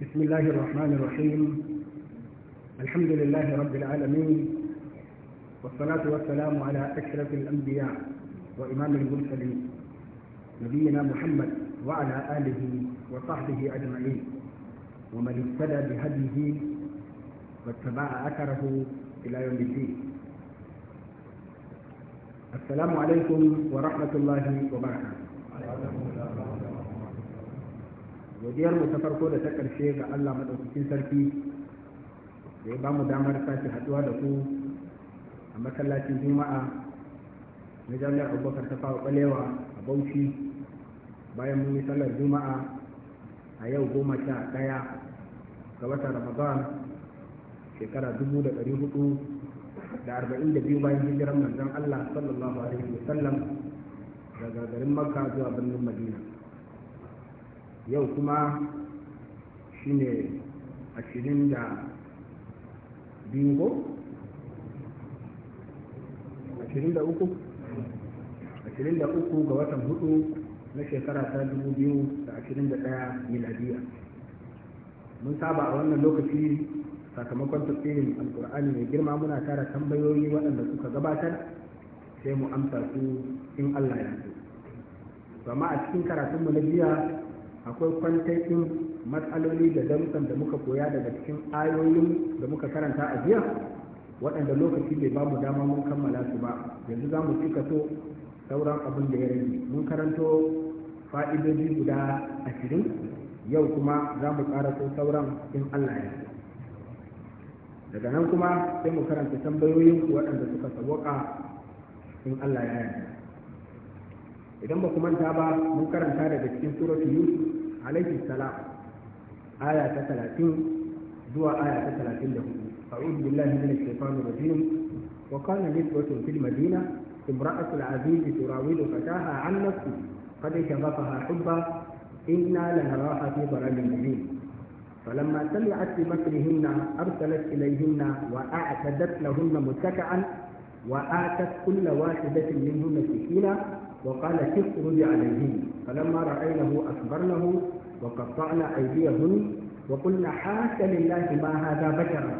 بسم الله الرحمن الرحيم الحمد لله رب العالمين والصلاة والسلام على أشرف الأنبياء وإمام المرسلين نبينا محمد وعلى آله وصحبه أجمعين ومن اهتدى بهديه واتبع أثره إلى يوم الدين السلام عليكم ورحمة الله وبركاته godiyar mu ta farko da ta ƙarshe ga Allah madaukakin sarki da ya ba mu damar sake haɗuwa da ku a masallacin juma'a na jami'ar abubakar ta fawa ɓalewa a bauchi bayan mun yi sallar juma'a a yau goma sha ɗaya ga watan ramadan shekara dubu da ɗari hudu da arba'in da biyu bayan hijiran manzon allah sallallahu alaihi wasallam daga garin makka zuwa birnin madina yau kuma shi shine ashirin da bingo ashirin da uku ashirin da uku ga watan hudu na shekara ta dubu biyu da ashirin da ɗaya miladiya mun saba a wannan lokaci sakamakon tafsirin alkur'ani mai girma muna tara tambayoyi waɗanda suka gabatar sai mu amsa su in allah ya so amma a cikin karatunmu na biya. akwai kwantakin matsaloli da damsan da muka koya daga cikin ayoyin da muka karanta a jiya waɗanda lokaci bai ba mu dama mun kammala su ba yanzu za mu cika so sauran abin da ya rage mun karanto fa'idoji guda ashirin yau kuma za mu ƙara so sauran in allah ya daga nan kuma sai mu karanta tambayoyin waɗanda suka sauwaka in allah ya yarda idan ba ku manta ba mun karanta daga cikin suratu yusuf عليه السلام آية 30 talatin آية 30 ta أعوذ بالله من الشيطان الرجيم وقال نسوة في المدينة امرأة العزيز تراود فتاها عن نفسه قد شغفها حبا إنا لنراها في ضلال مبين فلما سمعت بمكرهن أرسلت إليهن وأعتدت لهن متكئا وآتت كل واحدة منهن سكينا وقالت اخرج عليهن فلما رأينه أكبرنه وقطعنا أيديهن وقلنا حاشا لله ما هذا بشرا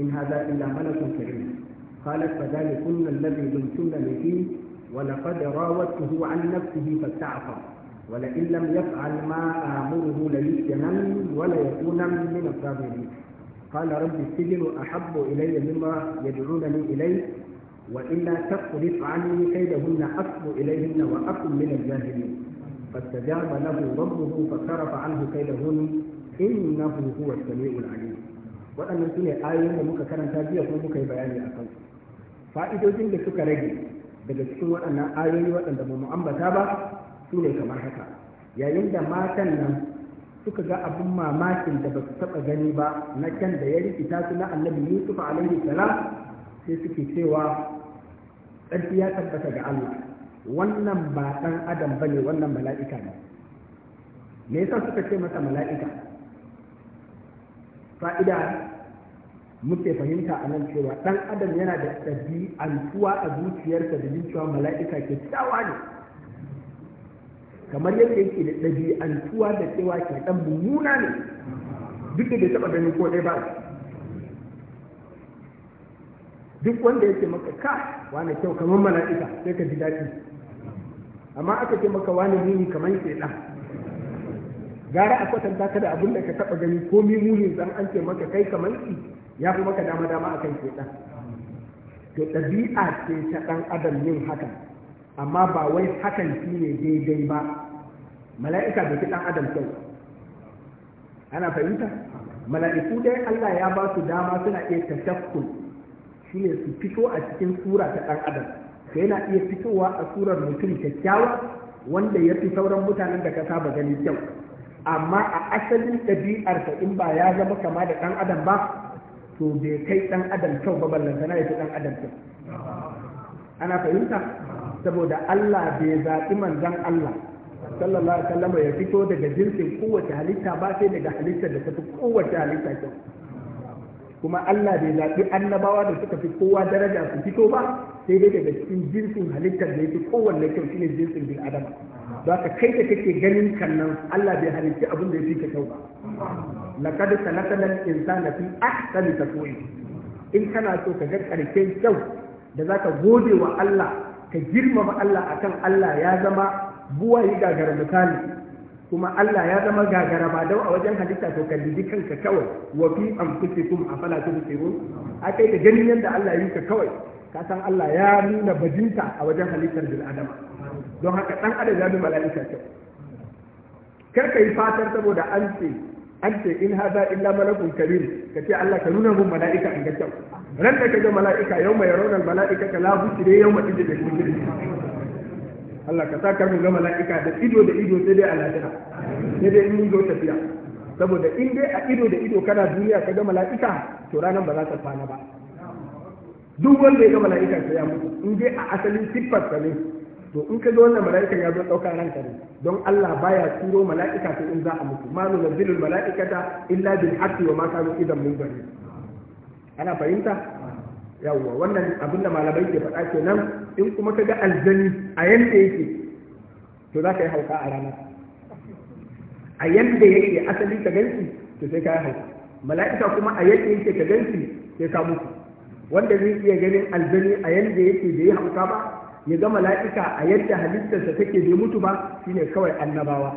إن هذا إلا ملك كريم قالت فذلكن الذي دمتمني فيه ولقد راودته عن نفسه فاستعصى ولئن لم يفعل ما آمره ليسجنن وليكونن من الصاغرين قال رب السجن أحب إلي مما يدعونني إليه وإلا تقرف عني كيدهن أصب إليهن وأكن من الجاهلين فاستجاب له ربه فصرف عنه كيدهن إنه هو السميع العليم waɗannan su ne ayoyin da muka karanta jiya kuma muka yi bayani a kansu da suka rage daga cikin waɗannan ayoyi waɗanda ba mu ambata ba su ne kamar haka yayin da matan nan suka ga abin mamakin da ba su taɓa gani ba na kyan da ya rikita su na annabi yusuf alaihi salam sai suke cewa ƙarfi ya tabbata ga allah wannan ba ɗan adam ba ne wannan mala'ika ne me yasa suka ce masa mala'ika fa'ida muke fahimta a nan cewa ɗan adam yana da ɗabi'antuwa a zuciyarsa da cewa mala'ika ke cewa ne kamar yadda yake da ɗabi'antuwa da cewa ke ɗan mummuna ne duk da bai taɓa ganin ko ɗaya ba duk wanda yake maka ka wane kyau kamar mala'ika sai ka ji daɗi amma aka ce maka wani muni kamar shaidan gara a kwatanta ka da abin da ka taba gani ko mi muni zan an ce maka kai kamar shi ya fi maka dama dama akan shaidan to ɗabi'a ce ta ɗan adam yin haka amma ba wai hakan shi ne daidai ba mala'ika da ki ɗan adam kyau ana fahimta mala'iku dai Allah ya ba su dama suna iya tashakkul shine su fito a cikin sura ta ɗan adam to yana iya fitowa a surar mutum kyakkyawa wanda ya fi sauran mutanen da ka saba gani kyau amma a asalin ɗabi'arsa in ba ya zama kama da ɗan adam ba to bai kai ɗan adam kyau ba ballantana ya fi ɗan adam kyau ana fahimta saboda Allah bai zaɓi manzan Allah sallallahu alaihi wasallam ya fito daga jinsin kowace halitta ba sai daga halittar da ta fi kowace halitta kyau kuma Allah bai zaɓi annabawa da suka fi kowa daraja su fito ba sai dai daga cikin jinsin halittar da yake kowanne kyau shine jinsin bil adama don ka kai da kake ganin kannan Allah bai halitta abin da ya ka kyau ba laqad khalaqna al-insana fi ahsani taqwim in kana so ka ga karke kyau da zaka gode wa Allah ka girmama Allah akan Allah ya zama buwayi gagara misali kuma Allah ya zama gagara ba dau a wajen halitta to kalli kanka kawai wa fi anfusikum afala tubsirun akai da ganin yadda Allah yi ka kawai ka san Allah ya nuna bajinta a wajen halittar bil adama don haka dan adam ya bi mala'ika ce kar ka yi fatar saboda an ce an ce in hada illa malakun karim ka ce Allah ka nuna mun mala'ika in ga kyau ran da ka ga mala'ika yau mai raunar mala'ika ka la bushire yau mai da Allah ka sa mu ga mala'ika da ido da ido sai dai a lahira sai dai in zo tafiya saboda in dai a ido da ido kana duniya ka ga mala'ika to ranar ba za ta fana ba duk wanda ya ga mala'ika sai ya mutu in dai a asalin siffar sa ne to in ka ga wannan mala'ika ya zo ɗaukar ranka ne don Allah baya turo mala'ika sai in za a mutu ma nunazzilul mala'ikata illa bil haqqi wa ma kanu idan bari ana fahimta yawwa wannan abin da malamai ke faɗa ke nan in kuma ka ga aljani a yanda yake to za ka yi hauka a rana a yanda yake asali ka ganci to sai ka yi hauka mala'ika kuma a yanda yake ka ganci sai ka mutu wanda zai iya ganin aljani a yanda yake bai yi hauka ba ya ga mala'ika a yadda halittarsa take bai mutu ba shine kawai annabawa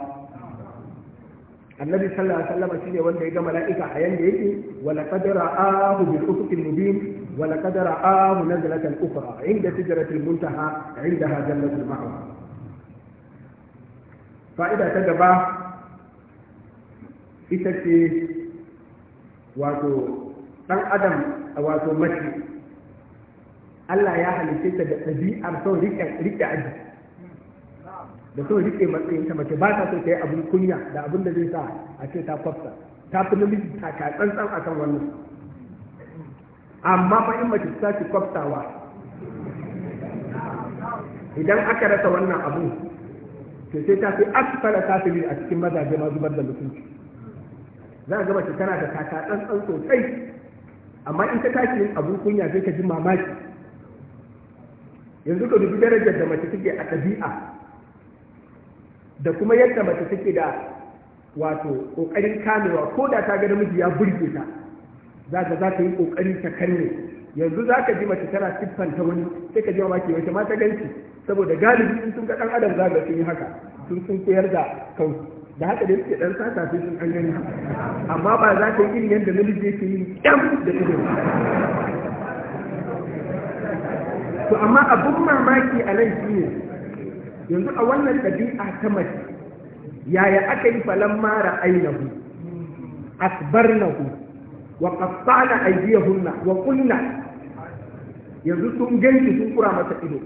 annabi sallallahu alaihi wasallam shine wanda ya ga mala'ika a yanda yake wa laqad ra'ahu bil ufuqil mubin ولقد رآه نزلة أخرى عند سدرة المنتهى عندها جنة المأوى فإذا تجب إتكي واتو ɗan adam wato mace Allah ya halice ta da ɗabi'ar son riƙe aji da son riƙe matsayin ta mace ba ta so ta yi abin kunya da abin da zai sa a ce ta kwafta ta fi namiji ta ka tsantsan akan wannan amma fa in mace ta ci kwaftawa idan aka rasa wannan abu to sai ta fi asfala kafiri a cikin mazaje ma zubar da mutunci za a ga mace tana da kaka tsantsan sosai amma in ta tashi yin abun kunya sai ka ji mamaki yanzu ka dubi darajar da mace take a ɗabi'a da kuma yadda mace take da wato ƙoƙarin kamewa ko da ta ga namiji ya burge ta za ka za ka yi kokari ta kanne yanzu za ka ji mace tana siffanta wani sai ka ji mamaki wace ma ta ganci saboda galibi sun ga dan adam za ga sun yi haka sun sun koyar da kansu da haka dai suke dan sata sai sun an gani amma ba za ka yi irin yadda namiji yake yi kyam da ido to amma abun mamaki a nan ne. yanzu a wannan ɗabi'a ta mace yaya aka yi falon mara ainihu asbarnahu وقطعنا qattana وقلنا wa qulna yanzu sun ganki sun kura masa ido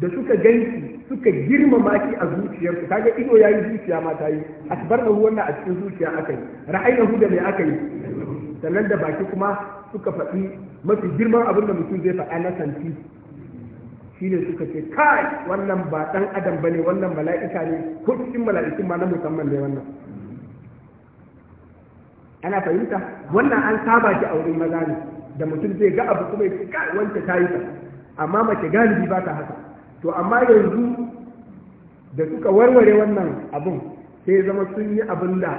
da suka ganki suka girmama ki a zuciyarsu kaga ido yayi zuciya ma ta yi wannan a cikin zuciya aka yi ra'aynahu da me aka yi sannan da baki kuma suka faɗi mafi girman abin da mutum zai faɗa na santi shine suka ce kai wannan ba ɗan adam bane wannan mala'ika ne ko cikin mala'ikun ma na musamman ne wannan ana fahimta wannan an saba ki a maza ne da mutum zai ga abu kuma ya ce ta yi amma mace galibi ba ta haka to amma yanzu da suka warware wannan abun sai zama sun yi abin da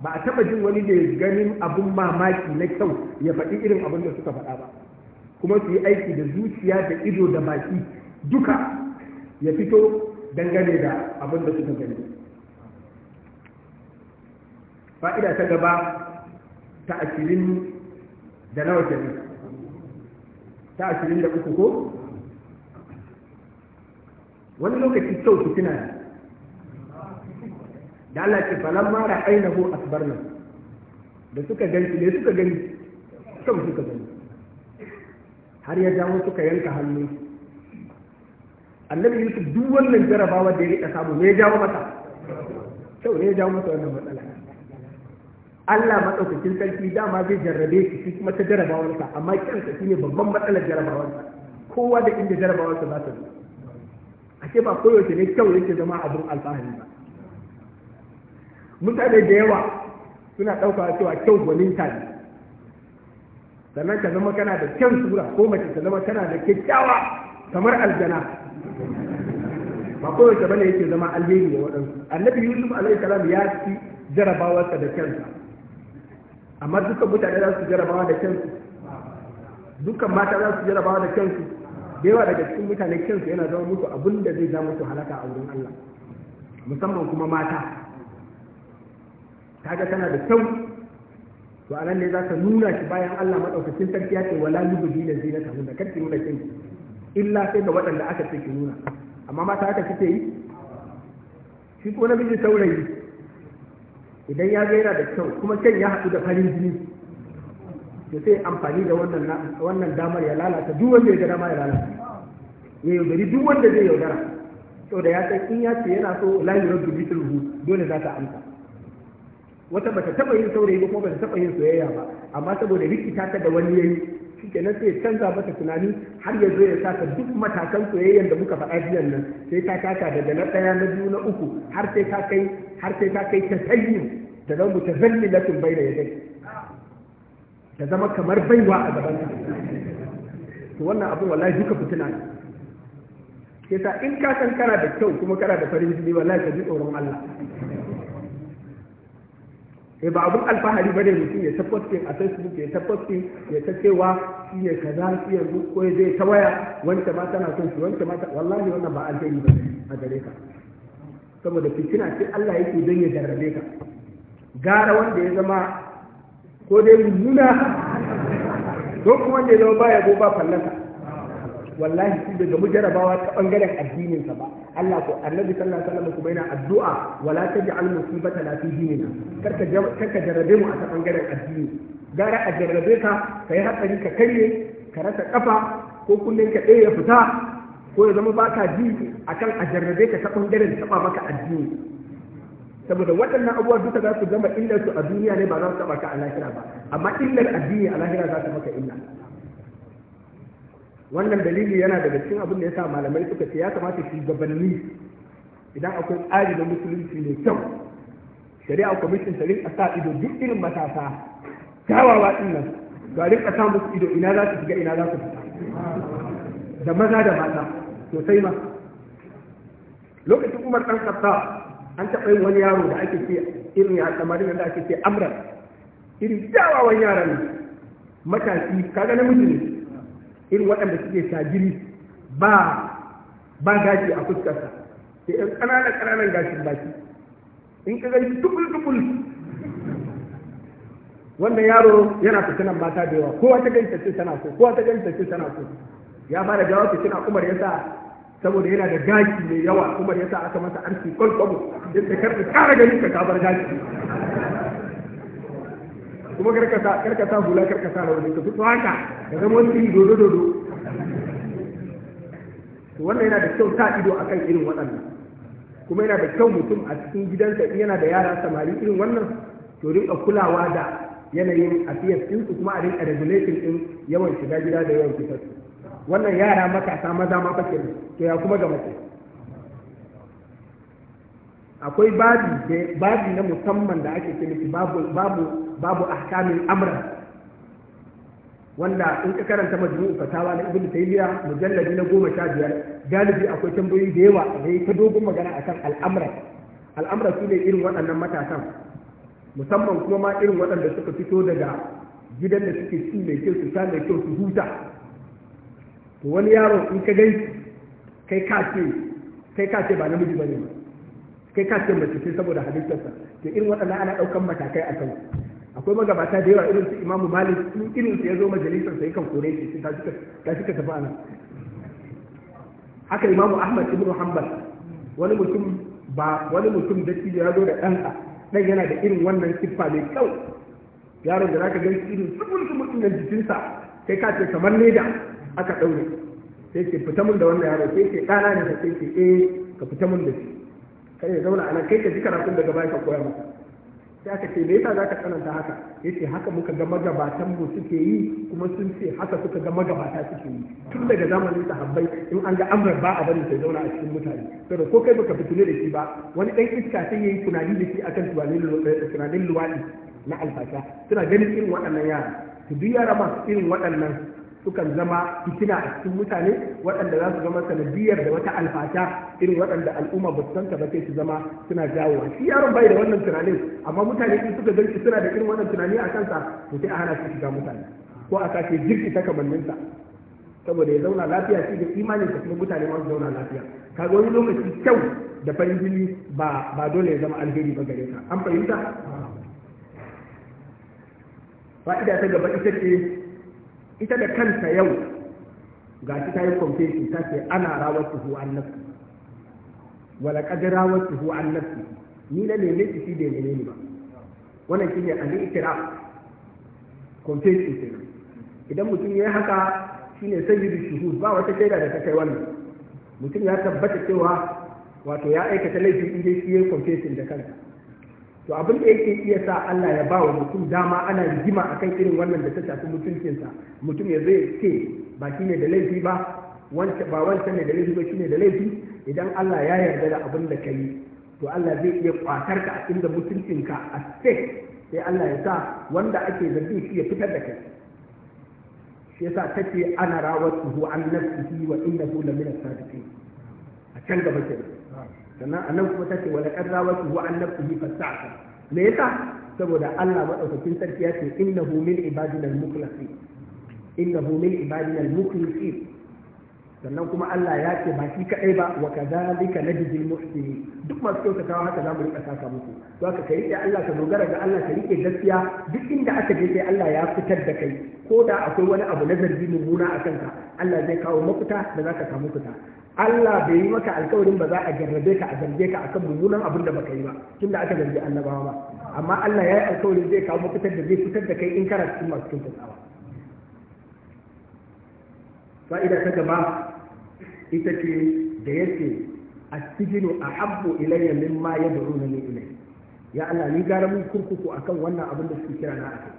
ba a taba jin wani da ganin abun mamaki na kyau ya faɗi irin abin da suka faɗa ba kuma su yi aiki da zuciya da ido da baki duka ya fito dangane da abin da suka gani fa'ida ta gaba ta ashirin da nawa kenan ta ashirin da uku ko wani lokaci kyau su ne da Allah ce falan ma da ainihu asbar nan da suka gani ne suka gani kyau suka gani har ya jawo suka yanka hannu annabi yusuf duk wannan jarabawa da ya rika samu ne ya jawo mata? kyau ne ya jawo masa wannan Allah maɗaukakin sarki dama zai jarrabe shi shi kuma ta jarabawarsa amma shi ne babban matsalar jarabawarsa kowa da inda jarabawarsa za ta zo ake ba koyaushe ne kyau yake zama abin alfahari ba mutane da yawa suna ɗauka cewa kyau gwaninta ne sannan ka zama kana da kyan sura ko mace ta zama kana da kyakkyawa kamar aljana ba kowace bane yake zama alheri ya waɗansu annabi yusuf alaihi salam ya ci jarabawarsa da kyansa amma dukkan mutane za su jarabawa da kansu dukkan mata za su jarabawa da kansu da yawa daga cikin mutane kansu yana zama musu abin da zai zama su halaka a wurin Allah musamman kuma mata kaga tana da kyau to anan ne za ka nuna shi bayan Allah madaukakin sarki ya ce wala yubdi da zinata mun da karki nuna kinki illa sai ga waɗanda aka ce ki nuna amma mata haka kike yi shi ko namiji saurayi idan ya ga yana da kyau kuma kyan ya haɗu da farin jini to sai amfani da wannan damar ya lalata duk wanda ya ga dama ya lalata ya yaudari duk wanda zai yaudara to da ya san in ya ce yana so la yuraddu rubu dole za ta amsa wata bata taba yin saurayi ba kuma bata taba yin soyayya ba amma saboda rikita ta da wani yayi shikenan sai canza mata tunani har ya zo ya saka duk matakan soyayyan da muka faɗa jiyan nan sai ta taka daga na ɗaya na biyu na uku har sai ta kai har sai ta kai ta tayyin da zama ta zalli latin bai da yadai ta zama kamar baiwa a gaban ta to wannan abu wallahi duka fitina ne ke sa in ka san kana da kyau kuma kana da farin ciki wallahi ka ji tsoron Allah sai eh, ba abun alfahari ba ne mutum ya ta posting a facebook ya ta posting ya ta cewa shi ne kaza shi yanzu ko zai ta waya wanda ma tana son shi wanda ma wallahi wannan ba alheri ba a gare ka saboda fitina ce Allah yake don ya jarrabe ka gara wanda ya zama ko dai mummuna ko kuma wanda ya zama baya ko ba fallasa wallahi shi daga mu jarabawa ta bangaren addininsa ba Allah ko annabi sallallahu alaihi wasallam kuma yana addu'a wala taj'al musibata la fi dinina karka karka jarrabe mu a ta bangaren addini gara a jarrabe ka kai hatsari ka karye ka rasa kafa ko kullun ka ɗaya ya fita ko ya zama ba ka ji a kan a jarrabe ka ta da taba maka addini saboda waɗannan abubuwa duka za su gama illar su a duniya ne ba za su taɓa ka a lahira ba amma illar addini a lahira za su maka illa wannan dalili yana daga cikin abin da ya sa malamai suka ce ya kamata shugabanni idan akwai tsari na musulunci mai kyau shari'a kwamishin ta rinka sa ido duk irin matasa kyawawa ɗin nan ga rinka sa musu ido ina za su shiga ina za su fita da maza da mata sosai ma lokacin umar ɗan kasa an taɓa yin wani yaro da ake ce irin ya samarin da ake ce amran irin kyawawan yaran matashi kaga namiji ne irin waɗanda suke shagiri ba ba gashi a fuskarsa sai ɗan ƙananan ƙananan gashin baki in ka gani dubul dubul wannan yaro yana fitinan mata da yawa kowa ta ganta ce tana so kowa ta ganta ce tana so ya fara jawabi fitina umar ya sa saboda yana da gashi mai yawa kuma yasa aka masa arki kwalkwabo yadda karka kara ganin ka kabar gashi kuma karkasa karkasa hula karkasa da wani ka fito haka ka zama wani iri dodo dodo to wannan yana da kyau ta ido a kan irin waɗannan kuma yana da kyau mutum a cikin gidansa in yana da yara samari irin wannan to rinka kulawa da yanayin afiyar ɗinsu kuma a rinka regulating ɗin yawan shiga gida da yawan fitar wannan yara matasa maza ma fake ne, to ya kuma ga mace akwai babi babi na musamman da ake ce babu babu babu ahkamin amra wanda in ka karanta majmu'u fatawa na ibnu taymiya mujalladi na goma sha biyar galibi akwai tambayoyi da yawa da ya ta dogon magana akan al'amra al'amra su ne irin waɗannan matasan musamman kuma ma irin waɗanda suka fito daga gidan da suke ci mai kyau su sha mai kyau su huta to wani yaro in ka gan kai ka ce kai ka ce ba namiji bane ba kai ka ce mace ce saboda halittarsa to irin waɗannan ana ɗaukan matakai a kan akwai magabata da yawa irin su imamu malik in irin su ya zo majalisar sai kan kore shi ta shi ka tafi anan haka imamu ahmad ibn hanbal wani mutum ba wani mutum da shi ya zo da ɗansa ɗan yana da irin wannan siffa mai kyau yaron da zaka gan irin subul mutum da jikinsa kai ka ce kamar leda aka ɗaure sai ce fita mun da wannan yaro sai ce ɗana ne ka sai ce eh ka fita mun da shi kai ya zauna a nan kai ka ji karatun daga baya ka koya maka sai aka ce me yasa za ka tsananta haka yace haka muka ga magabatan mu suke yi kuma sun ce haka suka ga magabata suke yi tun daga zamanin sahabbai in an ga amrar ba a bari sai zauna a cikin mutane saboda ko kai baka fitune da shi ba wani dan iska sai yayi tunani da shi akan tunanin eh, luwadi na alfasha suna ganin irin waɗannan yara su duk yara masu irin waɗannan sukan zama fitina a cikin mutane waɗanda za su zama sanadiyar da wata alfata irin waɗanda al'umma ba su santa ba sai su zama suna jawo shi yaron bai da wannan tunanin amma mutane in suka ganci suna da irin wannan tunani a kansa to sai a hana su shiga mutane ko a sake jirki ta kamanninsa saboda ya zauna lafiya shi da imanin sa kuma mutane ma zauna lafiya ga wani lokaci kyau da farin jini ba ba dole ya zama alheri ba gare ka an fahimta fa'ida ta gaba ita ce ita da kanta yau ga shi ta yi confession ta ce ana rawatu hu an nafsi wala qad rawatu hu an nafsi ni na neme ki shi da ne ni ba wannan shine ali itiraf confession kenan idan mutum ya yi haka shine sayyidu shi ba wata shaida da ta kai wannan mutum ya tabbata cewa wato ya aikata laifin inda shi ya confession da kanta to abin da yake iya sa Allah ya ba wa mutum dama ana rigima akan irin wannan da ta shafi mutuncinsa mutum ya zai ce ba shi ne da laifi ba wancan ba wancan ne da laifi ba shi ne da laifi idan Allah ya yarda da abin da kai to Allah zai iya kwatar ka a inda mutuncinka a stake sai Allah ya sa wanda ake zargin shi ya fitar da kai shi yasa tace ana rawatuhu an nafsihi wa innahu lamina sadiqin a can gaba kenan sannan anan kuma tace wa laqad rawatu wa an nafsihi me yasa saboda Allah madaukakin sarki ya ce innahu min ibadina al-mukhlasin innahu min ibadina al-mukhlasin sannan kuma Allah ya ce ba shi kaɗai ba wa kadhalika najzil muhsinin duk masu kyautatawa haka mu rika saka musu to haka ka rike Allah ka dogara ga Allah ka rike gaskiya duk inda aka je sai Allah ya fitar da kai ko da akwai wani abu na zargi mummuna a kanka Allah zai kawo mafita da zaka samu fita Allah bai yi maka alkawarin ba za a jarrabe ka a zarge ka akan mummunan abin da baka yi ba tunda aka zargi annabawa ba amma Allah ya yi alkawarin zai kawo mafitar da zai fitar da kai in karatu masu kyautatawa fa'ida ta gaba ita ce da yake a cikin a abu ilayya ma ya duru na ilai ya Allah ni gara mun kurkuku akan wannan abin da suke kira na aka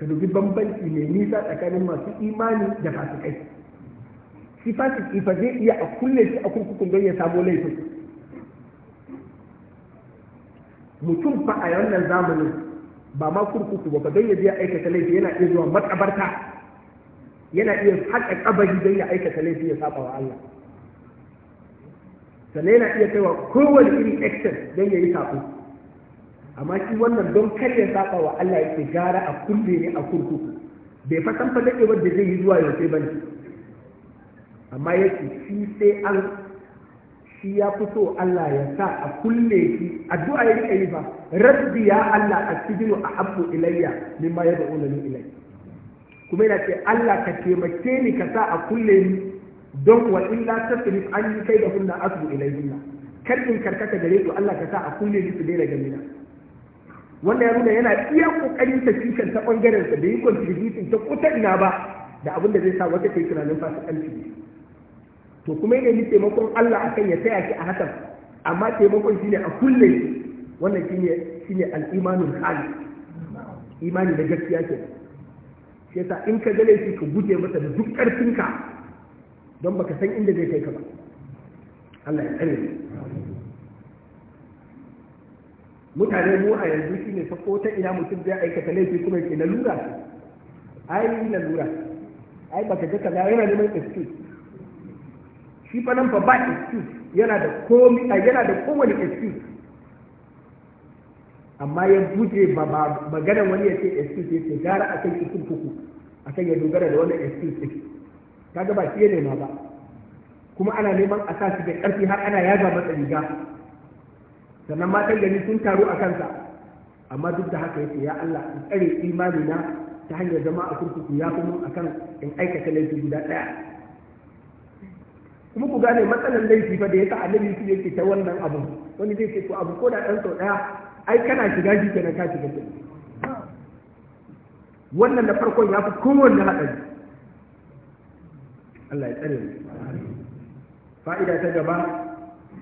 ka dubi bambanci mai nisa tsakanin masu imani da fasikai shi fasu ifa zai iya a kulle shi a kurkukun don ya samu laifin mutum fa a wannan zamanin ba ma kurkuku ba don ya je aikata laifi yana iya zuwa matsabarta yana iya haƙa kabari don ya aikata laifi ya saba wa Allah sannan yana iya kaiwa kowane iri excess don ya yi sabo amma shi wannan don kar ya saba wa Allah ya gara a kulle ne a kurkuku bai fa san fa dadewar wanda zai yi zuwa yau sai bane amma yake shi sai an shi ya fito Allah ya sa a kulle shi addu'a ya rika yi ba rabbi ya Allah a abu ilayya ya mimma ni ilayya kuma yana ce Allah ka taimake ni ka sa a kulle ni don wa illa an yi kai da kunna asbu ilayhinna kar in karkata gare su Allah ka sa a kulle ni su daina ganina wannan ya nuna yana iya kokarin ta cikin ta bangaren sa da yi contribution ta kuta ina ba da abin da zai sa wata kai tunanin fasikanci ne to kuma yana yi taimakon Allah akan ya taya ki a hakan amma taimakon shine a kulle wannan shine shine al-imanul imani da gaskiya kenan shi yasa in ka gane shi ka guje masa da duk ƙarfinka don baka san inda zai kai ka ba Allah ya tsare mutane mu a yanzu shine fa ko ta ina mutum zai aikata laifi kuma yake lalura ai lalura ai baka ga kaza yana neman excuse shi fa nan fa ba excuse yana da komi yana da kowane excuse amma ya buje ba magana wani ya ce excuse ya ce gara a kan cikin kuku akan ya dogara da wannan excuse kaga ba shi ne ma ba kuma ana neman a sa shi da karfi har ana yaga masa riga sannan matan gari sun taru a kansa amma duk da haka yake ya Allah in tsare imani ta hanyar zama a kurkuku ya kuma akan in aikata laifi guda daya kuma ku gane matsalar laifi fa da yasa annabi su yake ta wannan abu wani zai ce ko abu ko da dan sau daya ai kana shiga shi kenan ka shiga shi wannan da farkon ya fi kowanne haɗari Allah ya tsare fa'ida ta gaba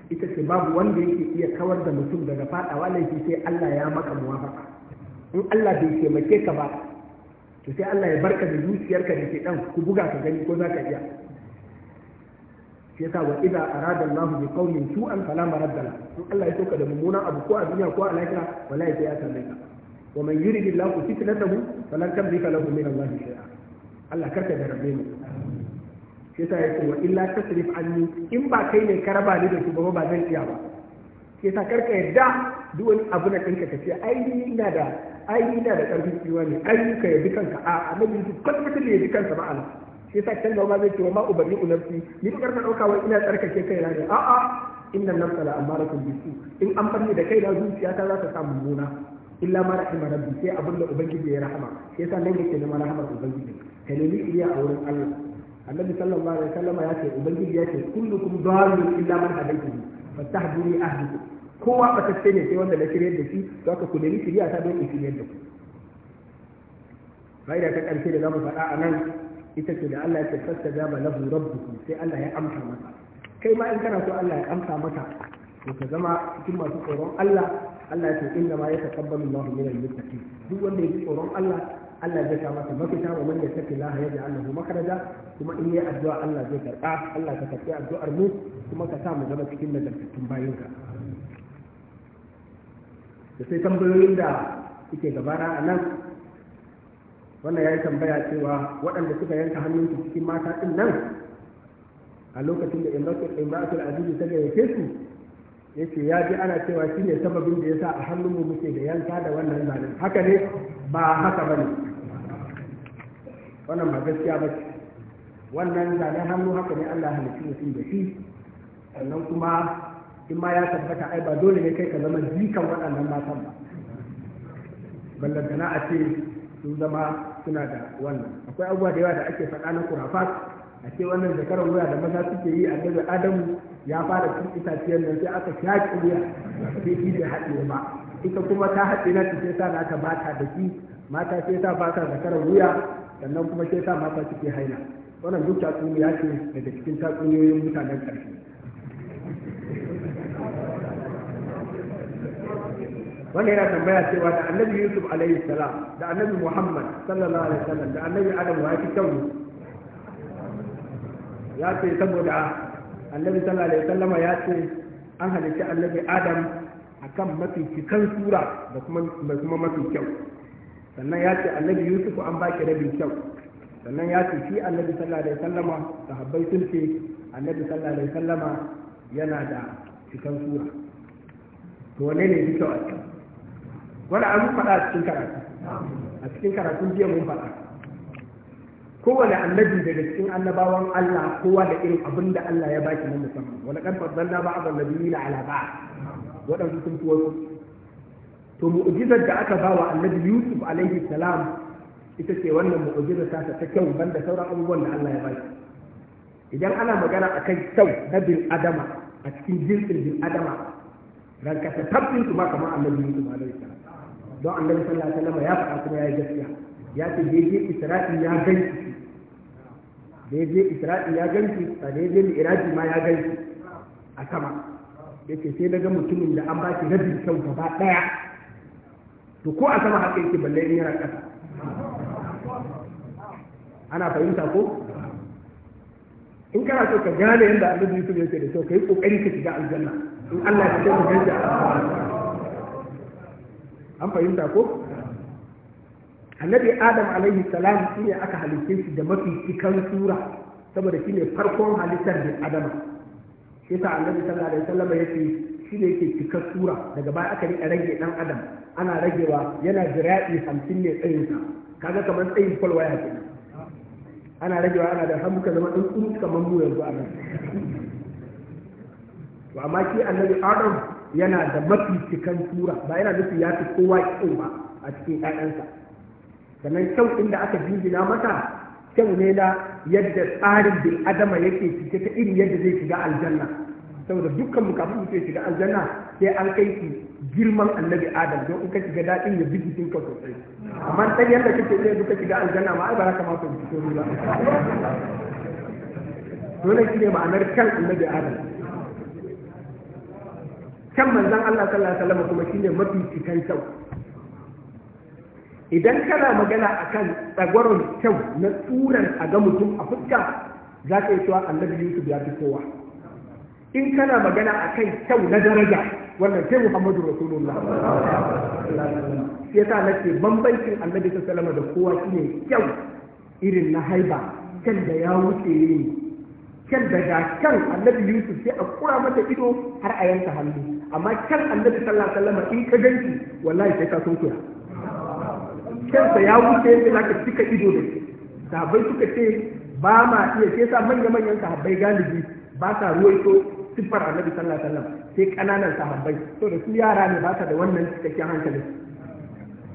ita ce babu wanda yake iya kawar da mutum daga faɗawa laifi sai Allah ya maka muwafaka in Allah bai taimake ka ba to sai Allah ya barka da zuciyarka da ke dan ku buga ka gani ko za ka iya shi yasa wa idza arada Allah bi qaumin su'an fala maradda in Allah ya soka da mummunan abu ko a duniya ko a lahira wallahi sai ya sallai ka ومن يرد الله فتنته فلن تملك له من الله شيئا Allah karka da rabe mu shi yasa yake wa illa tasrif anni in ba kai ne karaba ni da shi ba ba zan iya ba shi yasa karka yadda duk wani abu na kanka ce. ai ni ina da ai ina da karfin ciwa ne ai ka yabi kanka a annabi duk kwatkwata ne yabi kanka ba Allah shi yasa can gaba zai ce wa ma ubanni unafsi ni karka dauka wai ina tsarkake kai na ne a a innan nafsa la amaratun bisu in an farni da kai na zuciya ta za ta samu muna illa ma rahima rabbi sai abin da ubangiji ya rahama sai sa nan yake neman rahamar ubangiji ka nemi iriya a wurin Allah annabi sallallahu alaihi wasallam ya ce ubangiji ya ce kullukum dalil illa man hadaytuhu fastahduni ahdikum kowa ba batacce ne sai wanda na shirye da shi don ka ku nemi shirya ta don in da ku fa'ida ta karshe da zamu faɗa a nan ita ce da Allah ya ce fastajaba lahu rabbuhu sai Allah ya amsa masa kai ma in kana so Allah ya amsa maka ka zama cikin masu tsoron Allah Allah ya ce inna ma yatakabbalu Allahu min al-muttaqin duk wanda ya ji tsoron Allah Allah zai kama masa mafita wa man yattaqi Allah yaj'al lahu makhraja kuma in yi addu'a Allah zai karɓa Allah ka karɓi addu'ar mu kuma ka sa mu zama cikin nagartattun bayinka da sai tambayoyin da suke gabana a nan wannan ya yi tambaya cewa waɗanda suka yanka hannunsu cikin mata ɗin nan a lokacin da imratul aziz ta gayyace su yace ya ji ana cewa shi ne sababin da sa a hannunmu muke da yanka da wannan zanen haka ne ba haka bane wannan ba gaskiya ba wannan zanen hannu haka ne Allah halittu mutum da shi sannan kuma in ma ya tabbata ai ba dole ne kai ka zama jikan waɗannan matan ba ballantana a ce sun zama suna da wannan akwai abubuwa da yawa da ake faɗa na kurafat a ce wannan zakaran wuya da maza suke yi a daga adamu ya fara cin itaciyar nan sai aka shaƙi wuya sai shi da haɗe ba ita kuma ta haɗe na ta sai sa na ta bata da shi mata sai sa ba ta zakaran wuya sannan kuma sai sa mata suke haina wannan duk ya ce daga cikin tatsuniyoyin mutanen ƙarshe wanda yana tambaya cewa da annabi yusuf alaihi salam da annabi muhammad sallallahu alaihi wasallam da annabi adam wa ya fi kyau ya ce saboda annabi sallallahu alaihi wasallama ya ce an halitta annabi adam akan mafi cikan sura da kuma mafi kyau sannan ya ce annabi yusufu an ba shi rabin kyau sannan ya ce shi annabi sallallahu alaihi wasallama sahabbai sun ce annabi sallallahu alaihi wasallama yana da cikan sura to wane ne fi kyau a cikin wani an faɗa a cikin karatu a cikin karatun jiya mun faɗa kowane annabi daga cikin annabawan Allah kowa da irin abin da Allah ya baki na musamman wani kan fadalla ba azan na ala ba waɗansu sun fi to mu'jizar da aka ba wa annabi Yusuf alaihi salam ita ce wannan mu'jizar ta ta kyau banda sauran abubuwan da Allah ya baki idan ana magana akan kyau na bin adama a cikin jinsin bin adama ranka ta tabbin su ba kamar annabi Yusuf alaihi salam don annabi sallallahu alaihi wasallam ya faɗa kuma ya yi gaskiya ya ce je je Isra'i ya gaishe daidai isra'i ya ganki a daidai iraki ma ya ganki a sama ke sai daga mutumin da an baki rabin kyau gaba ɗaya to ko a sama haka yake balle in yana ƙasa ana fahimta ko in kana so ka gane yadda annabi Yusuf yake da kyau kai kokari ka shiga aljanna in Allah ya kai ka ganta an fahimta ko annabi adam alaihi salam shine ne aka halitta shi da mafi cikan sura saboda shi ne farkon halittar bin adama shi sa annabi sallallahu alaihi wasallam ya ce shi ne yake cika sura daga baya aka rike rage dan adam ana ragewa yana jira'i hamsin ne tsayinsa kaga kamar tsayin kwalwaya kenan ana ragewa ana da hamuka zama ɗan kuru kamar mu yanzu a to amma shi annabi adam yana da mafi cikan sura ba yana nufin ya fi kowa kyau ba a cikin 'ya'yansa sannan kyau ɗin da aka jinjina mata kyau ne na yadda tsarin bil adama yake cike ta irin yadda zai shiga aljanna saboda dukkan mukafin kafin mutum shiga aljanna sai an kai ki girman annabi adam don in ka shiga daɗin ya sun ka sosai amma ta yadda kake zai duka shiga aljanna ma ai ba za ka ma ka fito ba dole shi ne ma'anar kan annabi adam kan manzon Allah sallallahu alaihi wasallam kuma shine mafi cikan kyau idan kana magana akan tsagwaron kyau na turan a ga mutum a fuska za ka yi cewa annabi yusuf ya fi kowa in kana magana akan kyau na daraja wannan sai muhammadu rasulullah ya sa nake bambancin annabi sallama da kowa shine kyau irin na haiba kyan da ya wuce ne kyan da ga kyan annabi yusuf sai a kura mata ido har a yanka hannu amma kyan annabi sallallahu alaihi wasallam in ka ganki wallahi sai ka sunkuya kyansa ya wuce yadda za ka cika ido da shi sahabbai suka ce ba ma iya sai sa manya-manyan sahabbai galibi ba sa ruwaito siffar annabi sallallahu alaihi wasallam sai kananan sahabbai to da su yara ne ba sa da wannan cikakken hankali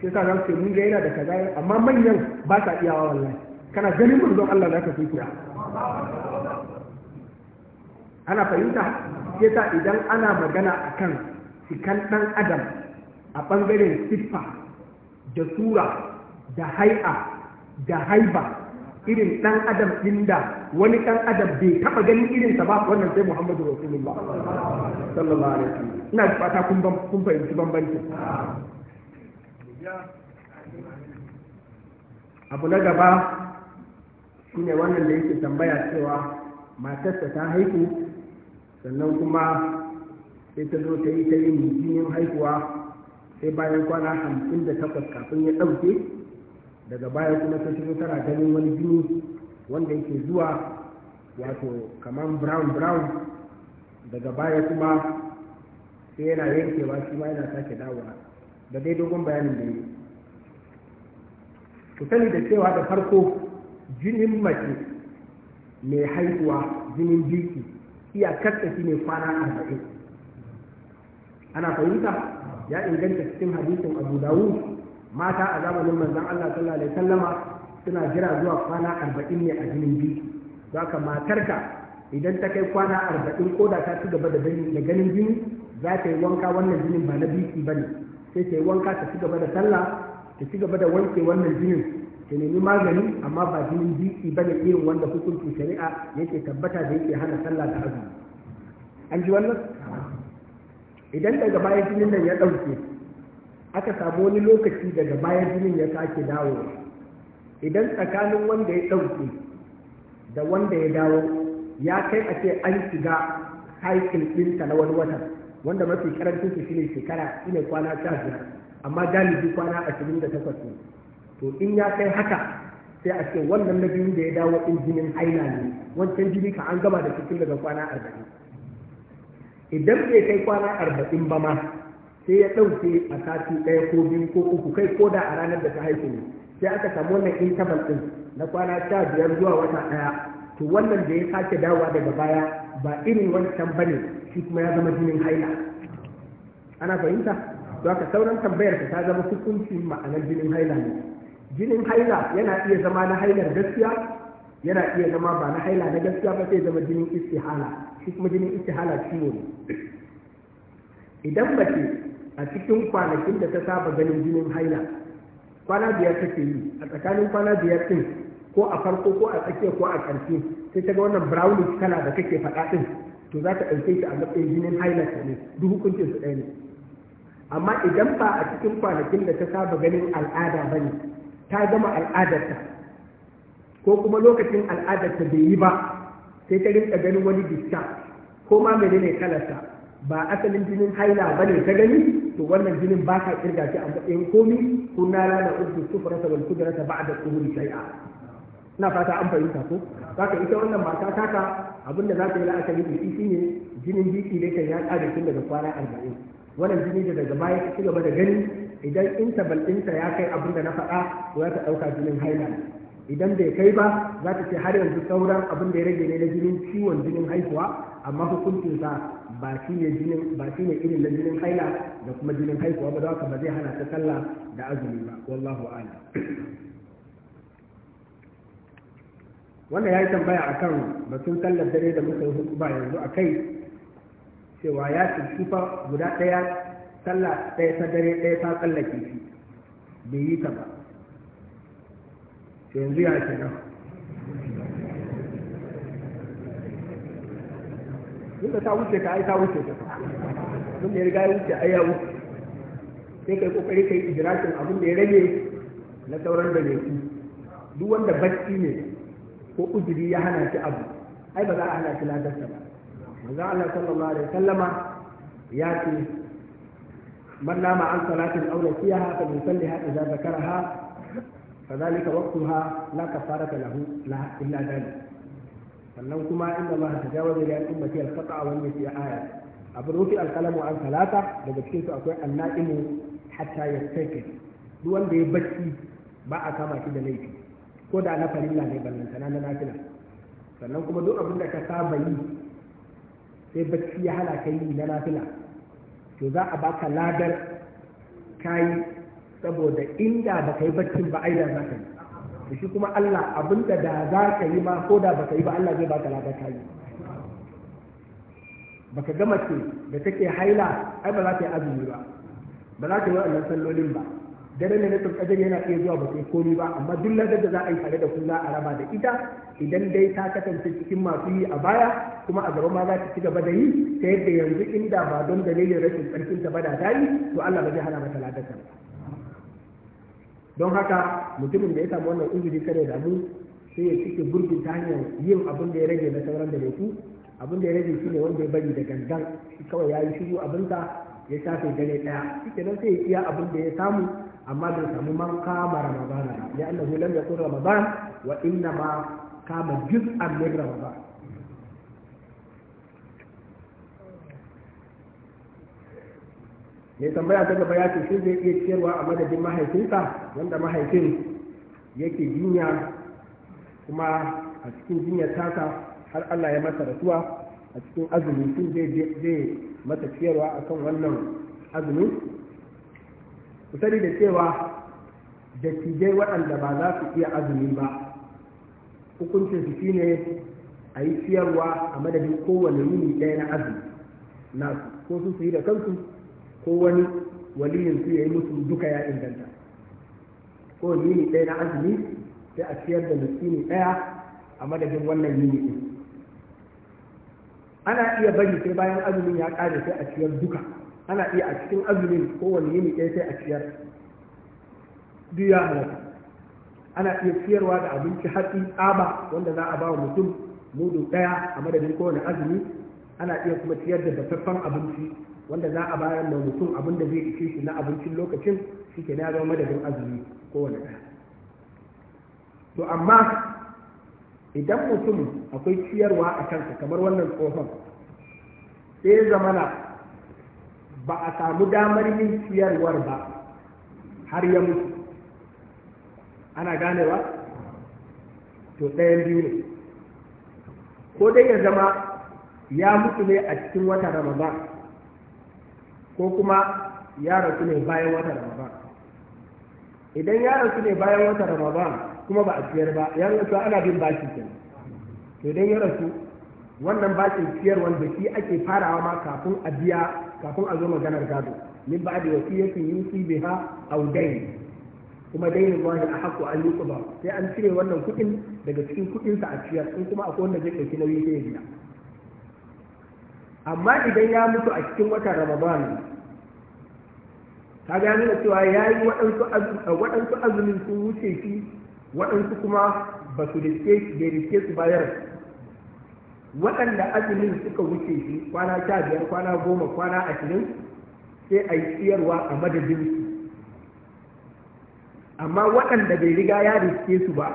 sai sa zan ce mun ga yana da kaza amma manyan ba sa iyawa wallahi kana ganin manzon Allah za ka kira ana fahimta sai sa idan ana magana akan cikan dan adam a bangaren siffa da sura da hai'a da haiba irin ɗan adam ɗin da wani ɗan adam bai taba ganin irinsa ba wannan sai muhammadu rasulullah sallallahu alaihi wasallam ina fata kun fahimci bambancin abu na gaba shine wannan da yake tambaya cewa matarsa ta haihu sannan kuma sai ta zo ta yi ta yin jinin haihuwa sai bayan kwana hamsin da takwas kafin ya ɗauke daga baya kuma sai shigo tara ganin wani jini wanda yake zuwa wato kamar brown brown daga baya kuma sai yana yankewa shi ma yana sake dawowa da dai dogon bayanin da yi ku sani da cewa da farko jinin mace mai haihuwa jinin jiki iya shi ne kwana arba'in ana fahimta ya inganta cikin hadisin abu dawud mata a zamanin manzon allah sallallahu alaihi sallama suna jira zuwa kwana arba'in ne a jinin biyu za ka matarka idan ta kai kwana arba'in ko da ta ci gaba da ganin jini za ta yi wanka wannan jinin ba na biki ba ne sai ta yi wanka ta ci gaba da sallah ta ci gaba da wanke wannan jinin ta nemi magani amma ba jinin biki ba ne irin wanda hukuncin shari'a yake tabbata da yake hana sallah da azumi an ji wannan idan daga bayan jinin nan ya ɗauke aka samu wani lokaci daga bayan jinin ya sake dawo idan tsakanin wanda ya ɗauke da wanda ya dawo ya kai a ce an shiga haikil ɗinta na wani watan wanda mafi karancin su shine shekara shine kwana sha biyar amma galibi kwana ashirin da takwas ne to in ya kai haka sai a ce wannan na biyu da ya dawo ɗin jinin haila ne wancan jini ka an gama da cikin daga kwana arba'in idan bai kai kwana arba'in ba ma sai ya ɗauke a sati ɗaya ko biyu ko uku kai ko da a ranar da ta haihu ne sai aka samu wannan intabal ɗin na kwana sha biyar zuwa wata ɗaya to wannan da ya sake dawowa daga baya ba irin wancan bane shi kuma ya zama jinin haila ana fahimta to aka sauran tambayar ta zama hukuncin ma'anar jinin haila ne jinin haila yana iya zama na hailar gaskiya yana iya zama ba na haila na gaskiya ba sai zama jinin istihala shi kuma jinin istihala ciwo ne idan mace a cikin kwanakin da ta saba ganin jinin haila kwana biyar take yi a tsakanin kwana biyar din ko a farko ko a tsakiya ko a ƙarshe sai ta ga wannan brownish kala da kake faɗa din to za ka ɗauke shi a matsayin jinin haila ne duk hukuncin su ɗaya ne amma idan ba a cikin kwanakin da ta saba ganin al'ada ba ne ta gama al'adarta ko kuma lokacin al'adar ta bai yi ba sai ta rinka ganin wani discharge ko ma ne kalarsa ba asalin jinin haila ba ne ta gani to wannan jinin ba ka kirga shi a matsayin komi kunna la na ubdu sufrata da kudrata ba'da tuhuri shari'a ina fata an fahimta ko Za ka ita wannan mata taka da za ta yi la'akari da shi ne jinin jiki da kan ya kare tun daga kwana arba'in. wannan jini da daga baya ta ci gaba da gani idan intabal ɗinsa ya kai abin da na faɗa to ya ta ɗauka jinin haila idan bai kai ba za ta ce har yanzu sauran abin da ya rage ne na jinin ciwon jinin haihuwa amma hukuncinsa ba shi ne jinin ba irin na jinin haila da kuma jinin haihuwa ba haka ba zai hana ta sallah da azumi ba wallahu a'lam wannan ya yi tambaya akan batun sallar dare da muka yi ba yanzu akai cewa ya ci guda ɗaya sallah ɗaya ta dare ɗaya ta tsallake shi bai yi ta ba yanzu ya ce nan tunda ta wuce ka ai ta wuce ka abin da ya riga ya wuce ai ya wuce sai kai kokari kai idrakin abin da ya rage na sauran da ku duk wanda bacci ne ko uzuri ya hana shi abu ai ba za a hana shi ladarsa ba manzo Allah sallallahu alaihi wasallama ya ce man nama an salatin aw nasiha fa yusalliha idza zakaraha فذلك وقتها لا كفارة له لها إلا ذلك sannan kuma inda Allah ta da ya al'umma ce al-qata wanda ke aya abu rufi al an salata daga cikin su akwai an-na'imu hatta yastaqi duk wanda ya bacci ba a kama shi da laifi ko da na farilla ne ballan sana na nafila sannan kuma duk abin da ka saba yi sai bacci ya hana ka yi na nafila to za a baka ladar kayi saboda inda ba ka yi bakin ba aida za ka yi da shi kuma Allah abinda da za ka yi ma ko da ba ka yi ba Allah zai baka lada ka yi ka gama ce da take haila ai ba za ta yi azumi ba ba za ta yi wa'annan sallolin ba dare ne na tsakadar yana iya zuwa ba yi komi ba amma duk ladar da za a yi tare da ku a raba da ita idan dai ta kasance cikin masu yi a baya kuma a gaba ma za ta ci gaba da yi ta yadda yanzu inda ba don dalilin rashin karfin ta ba da ta yi to Allah ba zai hana mata ladarta ba don haka mutumin da ya samu wannan uzuri kare da mu sai ya cike gurbin ta hanyar yin abin da ya rage na sauran da ku abin da ya rage shi ne wanda ya bari da gangan kawai ya yi shiru ta ya shafe dare daya shike nan sai ya iya abin da ya samu amma bai samu man kama ramadana ya annahu lam yaqul ramadan wa inna ma kama juz'an min ramadan mai tambaya ta gaba ya ce shi zai iya ciyarwa a madadin mahaifinsa wanda mahaifin yake jinya kuma a cikin jinyar tasa har Allah ya masa rasuwa a cikin azumi sun zai masa ciyarwa a kan wannan azumi ku sani da cewa dattijai waɗanda ba za su iya azumi ba hukuncin su shine a yi ciyarwa a madadin kowane yini ɗaya na azumi nasu ko su su yi da kansu ko wani waliyin su ya yi musu duka ya inganta ko yini ɗaya na azumi sai a ciyar da miskini ɗaya a madadin wannan ni ɗin ana iya bari sai bayan azumin ya ƙare sai a ciyar duka ana iya a cikin azumin kowane yini ɗaya sai a ciyar duk ya ana iya ciyarwa da abinci hatsi tsaba wanda za a ba wa mutum mudu ɗaya a madadin kowane azumi ana iya kuma ciyar da dafaffen abinci wanda za a bayar da mutum abin da zai ishe shi na abincin lokacin shi ke na zama madadin azumi kowane ɗaya to amma idan mutum akwai ciyarwa a kansa kamar wannan tsohon sai zamana ba a samu damar yin ciyarwar ba har ya mutu ana ganewa to ɗayan biyu ne ko dai ya zama ya mutu ne a cikin wata ramadan ko kuma ya rasu ne bayan wata ramadan idan ya rasu ne bayan watan ramadan kuma ba a ciyar ba ya rasu ana bin baki kenan to idan ya rasu wannan bakin ciyar wanda shi ake farawa ma kafin a biya kafin a zo maganar gado min ba da yi yusi biha a wudai kuma dainin ba a haƙo an yi ba sai an cire wannan kuɗin daga cikin kuɗinsa a ciyar in kuma akwai wanda zai ɗauki nauyi sai ya biya amma idan ya mutu a cikin watan ramadan ka gani da cewa ya yi waɗansu azumin sun wuce shi waɗansu kuma ba su rike su bayar waɗanda azumin suka wuce shi kwana sha biyar kwana goma kwana ashirin sai a yi tsiyarwa a madadin su amma waɗanda bai riga ya rike su ba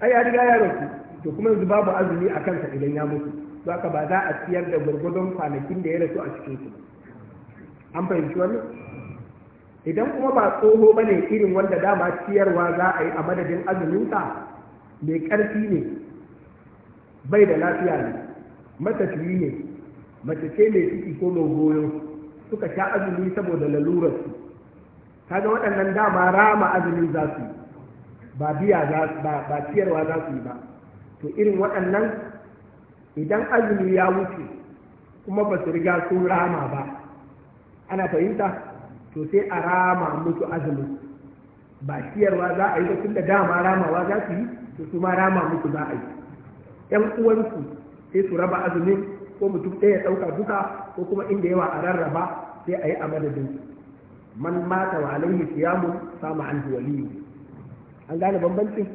ai ya riga ya rasu to kuma yanzu babu azumi a kansa idan ya mutu don haka ba za a siyar da gwargwadon kwanakin da ya rasu a cikin su an fahimci wannan idan kuma ba tsoho ba ne irin wanda dama ciyarwa za a yi a madadin azuminsa mai ƙarfi ne bai da lafiya ne matafiyi ne mace ce mai ciki ko mai goyo suka sha azumi saboda lalurar su kaga waɗannan dama rama azumin za su yi ba biya ba ciyarwa za su yi ba to irin waɗannan idan azumi ya wuce kuma ba su riga sun rama ba ana fahimta to sai a rama musu azumi ba siyarwa za a yi ba tun da dama ramawa za su yi to su ma rama musu za a yi ‘yan uwansu sai su raba azumin ko mutum ɗaya ɗauka duka ko kuma inda yawa a rarraba sai a yi a madadin man mata wa alaihi siyamu sama an an gane bambancin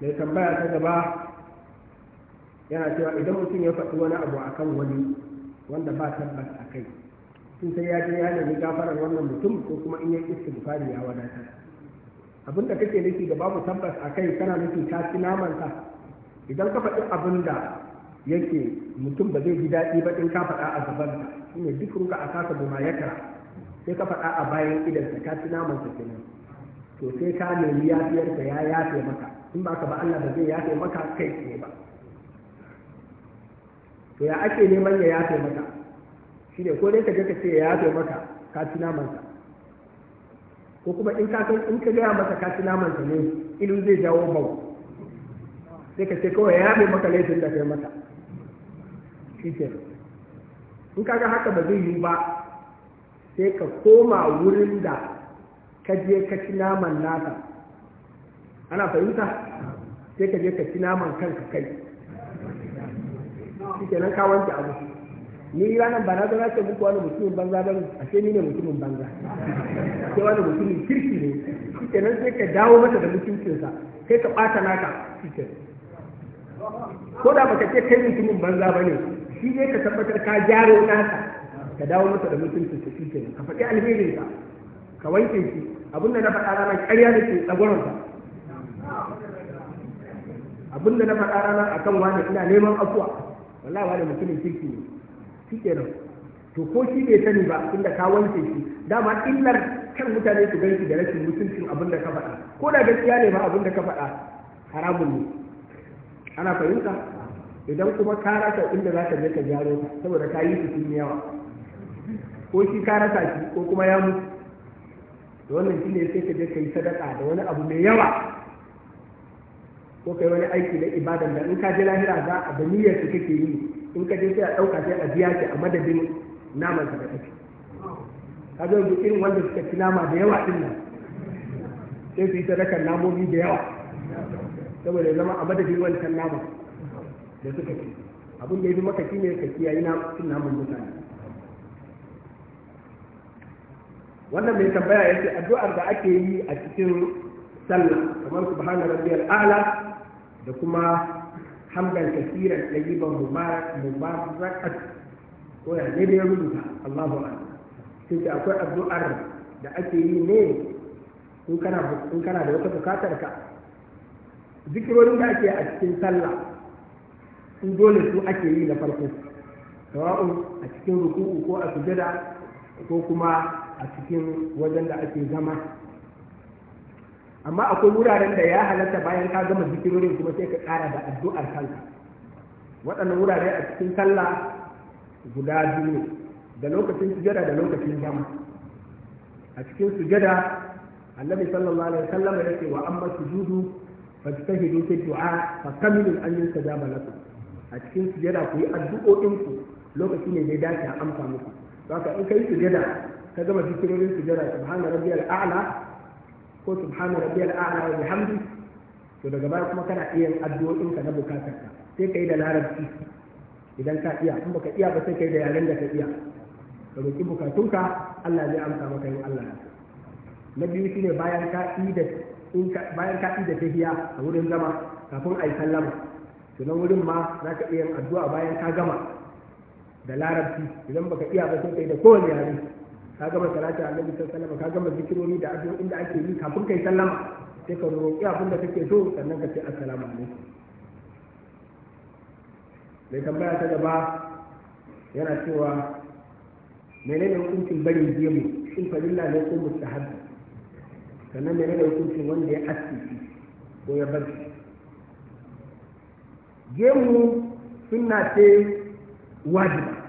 mai tambaya ta gaba yana cewa idan mutum ya faɗi wani abu akan wani wanda ba tabbas a kai sun sai ya je ya nemi gafarar wannan mutum ko kuma in yi istighfari ya wadatar abin da kake nufi da babu tabbas a kai kana nufi ta ci namanta idan ka faɗi abin da yake mutum ba zai ji daɗi ba in ka faɗa a gaban ka, shine duk ruka a kasa goma ya kara sai ka faɗa a bayan idan ka ci namanta kenan to sai ka nemi yafiyarka ya yafe maka in ba ka ba Allah ba zai yafe maka kai ne ba to ya ake neman ya yafe maka shi ne ko dai ka ka ce ya yafe maka ka ci namansa ko kuma in ka in ka gaya masa ka ci namansa ne ilu zai jawo bau sai ka ce kawai ya yafe maka laifin da kai masa shi ke in ka ga haka ba zai yi ba sai ka koma wurin da ka je ka ci naman nasa ana fahimta sai ka je ka ci naman kanka kai shi nan ka wanke abu ni ranar ba na zama ce muku wani mutumin banza ba ashe ni ne mutumin banza sai wani mutumin kirki ne shi nan sai ka dawo mata da mutuncinsa sai ka ɓata naka shi ko da baka ce kai mutumin banza ba ne shi ne ka tabbatar ka gyaro naka ka dawo mata da mutuncinsa shi kenan ka faɗi alherinsa ka wanke shi abinda na faɗa ranar ƙarya da ke tsagoronsa abin da na faɗa rana akan wani ina neman afuwa wallahi wani mutumin kirki ne nan to ko shi bai sani ba inda ka wanke shi dama illar kan mutane su ganki da rashin mutuncin abin da ka faɗa ko da gaskiya ne ba abin da ka faɗa haramun ne ana fahimta idan kuma ka rasa inda za ka je ka gyaro ta saboda ka yi cikin yawa ko shi ka rasa shi ko kuma ya mutu wannan shi ne sai ka je ka yi sadaka da wani abu mai yawa ko kai wani aiki na ibadan da in ka je lahira za a da niyyar ki kake yi in ka je sai a ɗauka sai a biya ki a madadin naman ka da kake ka ga duk irin wanda suka ci nama da yawa din nan sai su yi sadakar namomi da yawa saboda zama a madadin wancan nama da suka ci abin da ya fi maka shine ka kiyaye na cin naman mutane wannan mai tambaya yace addu'ar da ake yi a cikin sallah kamar subhana rabbiyal a'la da kuma hamdan kasiran ɗayiban mubarakat ko ya ne da ya rubuta Allahu akbar sai akwai addu'ar da ake yi ne in kana da wata bukatar ka zikirorin da ake a cikin sallah in dole su ake yi na farko sawa'un a cikin ruku'u ko a sujada ko kuma a cikin wajen da ake zama amma akwai wuraren da ya halatta bayan ka gama zikirorin kuma sai ka ƙara da addu'ar kanka waɗannan wurare a cikin sallah guda biyu da lokacin sujada da lokacin jama a cikin sujada annabi sallallahu alaihi wasallam ya ce wa amma sujudu fajtahidu fi du'a fa kamilu an yustajaba lakum a cikin sujada ku yi addu'o'in ku lokaci ne da ya dace a amsa muku haka in kai sujada ka gama zikirorin sujada subhana rabbiyal a'la ko subhana rabbiyal a'la wa bihamdi to daga baya kuma kana iya addu'o'in ka na bukatar ka sai kai da larabci idan ka iya in baka iya ba sai kai da yaren da ka iya ka roki bukatunka Allah zai amsa maka in Allah ya na biyu shine bayan ka ida in ka bayan ka ida tahiya a wurin zama kafin ai sallama to nan wurin ma za ka iya addu'a bayan ka gama da larabci idan baka iya ba sai kai da kowane yare ka gama salatin annabi sallallahu ka gama zikirori da abin da ake yi kafin kai sallama sai ka roƙi abin da kake so sannan ka ce assalamu alaikum mai tambaya ta gaba yana cewa menene hukuncin barin gemu shin farilla ne ko mustahabi sannan menene hukuncin wanda ya asisi ko ya bar gemu sunna ce wajiba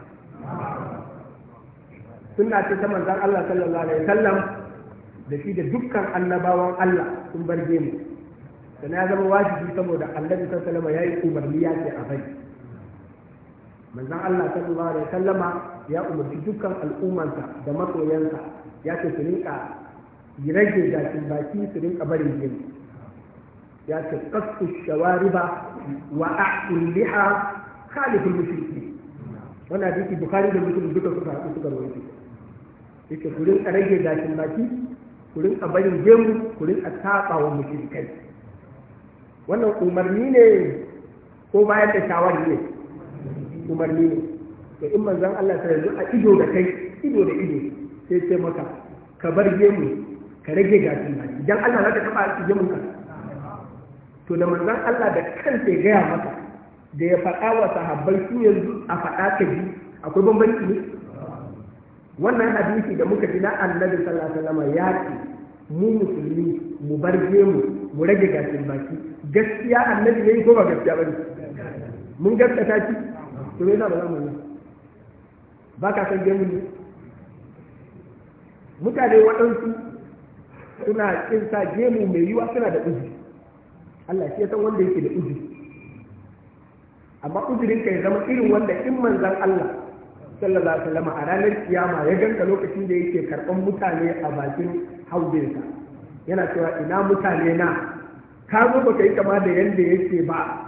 sunna ce ta manzan Allah sallallahu alaihi wasallam da shi da dukkan annabawan Allah sun bar mu sannan ya zama wajibi saboda annabi sallallahu alaihi ya yi umarni ya ce a bai manzan Allah sallallahu alaihi wasallama ya umarci dukkan al'ummansa da masoyansa ya ce su rinka rage gashin baki su rinka barin gemu ya ce kasu shawariba wa a'tul liha khaliful mushrikin wannan hadisi bukhari da muslim duka suka haɗu suka rawaito yake ku rinka rage dakin baki ku rinka barin gemu ku rinka saba wa mushrikai wannan umarni ne ko bayan da shawari ne umarni ne to in manzon Allah ta yanzu a ido da kai ido da ido sai ce maka ka bar gemu ka rage dakin baki dan Allah zaka taba gemun ka to da manzon Allah da kansa ya gaya maka da ya faɗa wa sahabbai su yanzu a faɗa ka ji akwai bambanci ne wannan hadisi da muka ji na annabi sallallahu alaihi wasallam ya ce mu musulmi mu bar mu mu rage gashin baki gaskiya annabi ne ko ba gaskiya bane mun gaskata ki to me ba za mu yi ba ka san gemu ne mutane waɗansu suna kin sa gemu mai yiwa suna da uzuri Allah shi ya san wanda yake da uzuri amma uzurin kai ya zama irin wanda in manzan Allah sallallahu alaihi wasallam a ranar kiyama ya ganka lokacin da yake karban mutane a bakin haudinsa yana cewa ina mutane na ka zo baka yi kama da yanda yake ba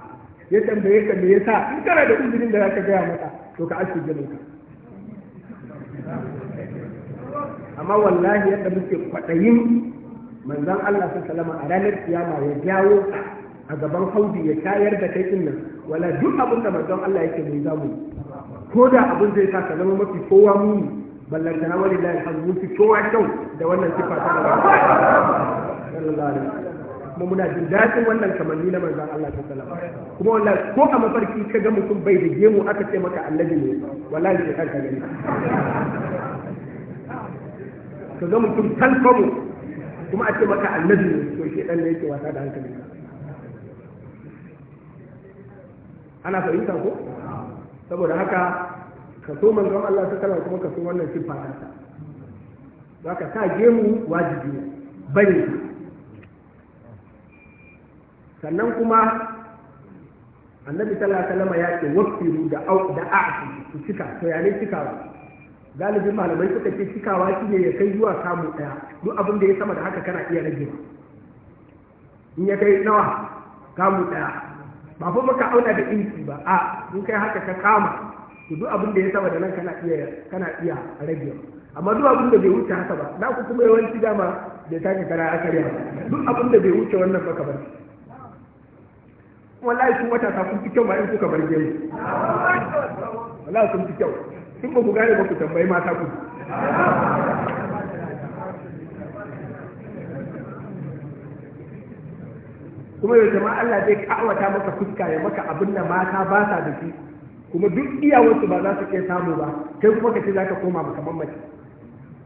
ya tambaye ka me yasa in kana da uzurin da zaka gaya mata, to ka aske jinin ka amma wallahi yadda muke kwaɗayin manzon Allah sallallahu alaihi a ranar kiyama ya jawo a gaban haudi ya tayar da kai nan wala duk abin da manzon Allah yake mai zamu ko da abin zai sa ka zama mafi kowa muni ballanta na wani lahi hannu fi kowa kyau da wannan sifa ta gaba sallallahu alaihi kuma muna jin daɗin wannan kamanni na manzon Allah ta salama kuma wallahi ko a mafarki ka ga mutum bai da gemu aka ce maka annabi ne wallahi da kanka gani ka ga mutum talfamu kuma a ce maka annabi ne to shi dan ne yake wasa da hankali ana fahimta ko saboda haka kaso so manzon Allah ta kana kuma ka so wannan siffa ta ta ka sa gemu wajibi ne bane sannan kuma annabi sallallahu alaihi wasallam ya ce wafiru da au da a'ti ku cika to ya ne cikawa galibin malamai suka ce cikawa shine ya kai zuwa samu daya duk abin da ya sama da haka kana iya rage in ya kai nawa samu daya ba fa maka auna da inci ba a in kai haka ka kama to duk abin da ya saba da nan kana iya kana iya rage amma duk abin da bai wuce haka ba na ku kuma yawanci dama bai taka kara a ba duk abin da bai wuce wannan baka bar wallahi kun wata kun fi kyau ba in kuka bar gemu wallahi kun fi kyau in ba ku gane ba ku tambayi mata ku kuma yau jama'a Allah zai kawata maka fuska ya maka abin da mata ba sa da shi kuma duk iyawarsu ba za su kai samu ba kai kuma ka ce za ka koma maka mace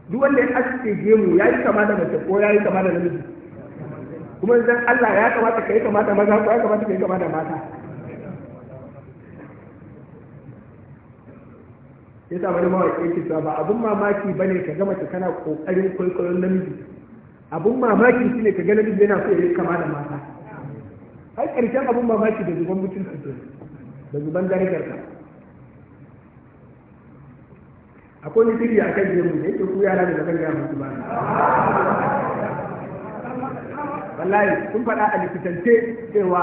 duk wanda ya aske gemu ya yi kama da mace ko ya yi kama da namiji kuma idan Allah ya kamata ka yi kama da maza ko ya kamata ka yi kama da mata ya sa wani mawaƙi yake cewa ba abin mamaki bane ka ga mace kana kokarin kwaikwayon namiji abin mamaki shine ka ga namiji yana so ya yi kama da mata har ƙarshen abin mamaki da zuban mutuncin ke da zuban darajar ka akwai ni fili a kan jirgin da yake ku yara da zaban gaya mutu ba wallahi sun faɗa a likitance cewa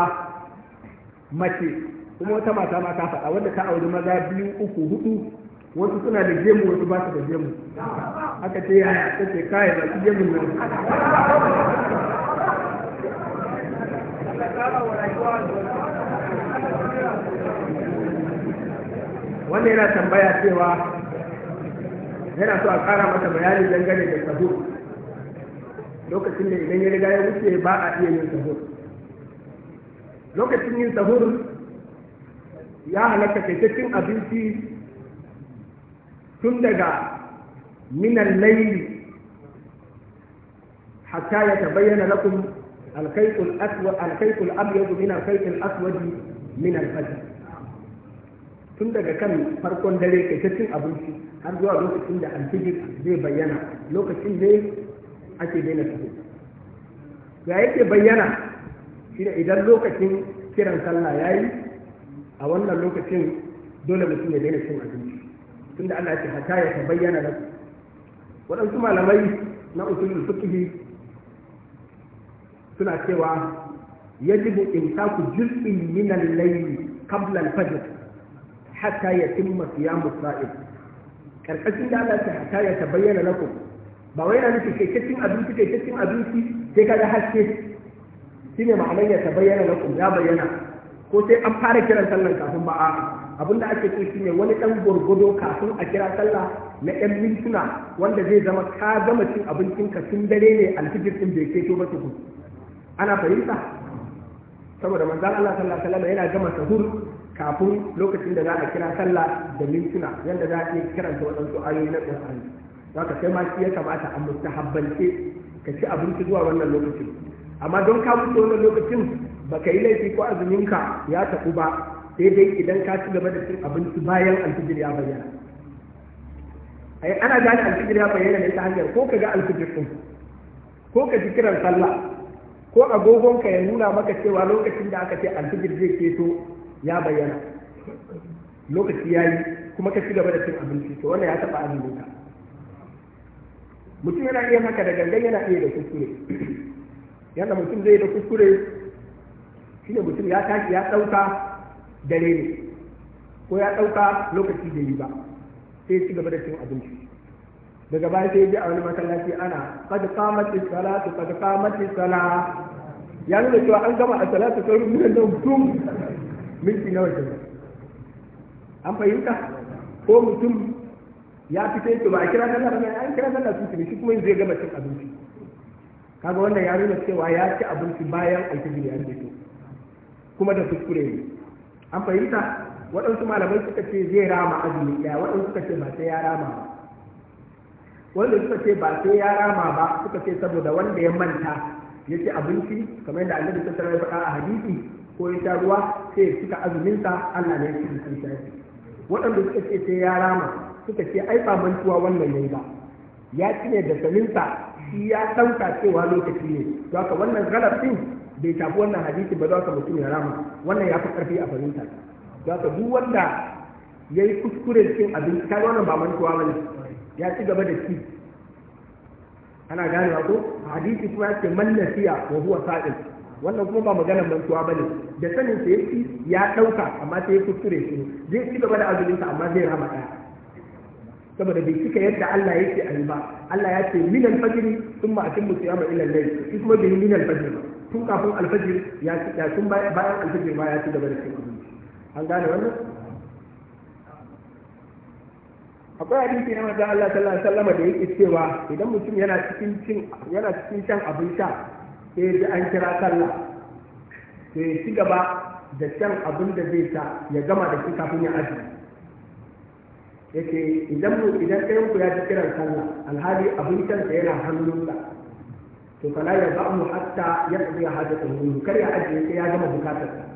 mace kuma wata mata ma ta faɗa wanda ta auri maza biyu uku hudu wasu suna da gemu wasu ba su da gemu haka ce yaya ta ce kayan da su gemu ne wanda yana tambaya cewa yana so a kara mata bayani dangane da sahur lokacin da idan ya riga ya wuce ba a iya yin sahur lokacin yin sahur ya halatta kaitaccen abinci tun daga minan laili hatta ya tabayyana lakum الخيط الأسود الخيط الأبيض من الخيط الأسود من الفجر tun daga kan farkon dare kai ta cin abinci har zuwa lokacin da alfijir zai bayyana lokacin ne ake daina tafi ya yake bayyana shine idan lokacin kiran sallah ya yi, a wannan lokacin dole mutum ya daina cin abinci Tun da Allah ya ce hata ya bayyana da waɗansu malamai na usulul fiqh suna cewa yajibu imsaku juz'in min al layl qabla al-fajr hatta yatimma siyamu sa'id karkashin da Allah ta hatta ya bayyana lakum ba wai yana nufin cikakken abinci cikakken abinci sai kaga haske shine ma'anar ya bayyana lakum ya bayyana ko sai an fara kiran sallan kafin ba a abin da ake so shine wani dan gurgudo kafin a kira sallah na yan mintuna wanda zai zama ka gama cin abincin ka tun dare ne alfijir din bai to ba tukun ana fahimta saboda manzan Allah sallallahu alaihi wasallam yana gama sahur kafin lokacin da za a kira sallah da mintuna yanda za a iya kiranta waɗansu ayoyi na Qur'ani haka sai ma shi ya kamata a mustahabbance ka ci abinci zuwa wannan lokacin amma don ka mutu wannan lokacin baka yi laifi ko azuminka ya tafi ba sai dai idan ka ci gaba da cin abinci bayan alfijir ya bayyana ai ana gane alfijir ya bayyana ne ta hanyar ko ka ga alfijir ko ka ji kiran sallah ko agogonka ya nuna maka cewa lokacin da aka ce alfijir zai keto ya bayyana lokaci ya yi kuma ka ci gaba da cin abinci to wannan ya taɓa azumin ka mutum yana iya haka da gangan yana iya da kuskure yana mutum zai da kuskure shine mutum ya tashi ya ɗauka dare ne ko ya ɗauka lokaci da yi ba sai ci gaba da cin abinci daga baya sai bi a wani masallaci ana qad qamati salatu qad qamati sala ya nuna cewa an gama a salatu sai rubuta da mutum minti nawa ke an fahimta ko mutum ya fita to ba a kira sallah ba an kira sallah su ne shi kuma zai gama cin abinci kaga wannan ya nuna cewa ya ci abinci bayan alfijir ya fito kuma da kuskure ne an fahimta waɗansu malamai suka ce zai rama azumi ɗaya waɗansu suka ce ba sai ya rama ba wanda suka ce ba sai ya rama ba suka ce saboda wanda ya manta ya ci abinci kamar yadda annabi ta ya faɗa a hadisi ko ya sha ruwa sai suka cika azuminsa Allah ne ya ci bikin shafi waɗanda suka ce sai ya rama suka ce ai ba mantuwa wannan ne ba ya ci ne da saninsa shi ya ɗauka cewa lokaci ne to haka wannan galabin bai tafi wannan hadisi ba za ka mutum ya rama wannan ya fi ƙarfi a fahimta za ka duk wanda ya yi kuskuren cin abinci kai wannan ba mantuwa ba ne ya ci gaba da ci ana gane ko hadisi kuma yake mallasiya wa huwa sa'il wannan kuma ba maganar mantuwa bane da sanin sa yake ya dauka amma sai ya kuskure shi zai ci gaba da azumin sa amma zai rama daya saboda bai cika yadda Allah yake a yi ba Allah ya ce min al-fajr thumma atimmu siyama ila al-layl shi kuma bai min al-fajr ba tun kafin al-fajr ya ci ya tun bayan al-fajr ba ya ci gaba da cin abinci an gane wannan akwai abinci na manzon Allah sallallahu alaihi wasallam da yake cewa idan mutum yana cikin cin yana cikin shan abin sha sai ya an kira sallah sai ya ci gaba da shan abin da zai sha ya gama da shi kafin ya aji yake idan mu idan ɗayan ku ya ci kiran sallah alhali abin shan sa yana hannunsa to kana ya ba mu hatta ya tsaye hajjatun kar ya ajiye sai ya gama bukatarsa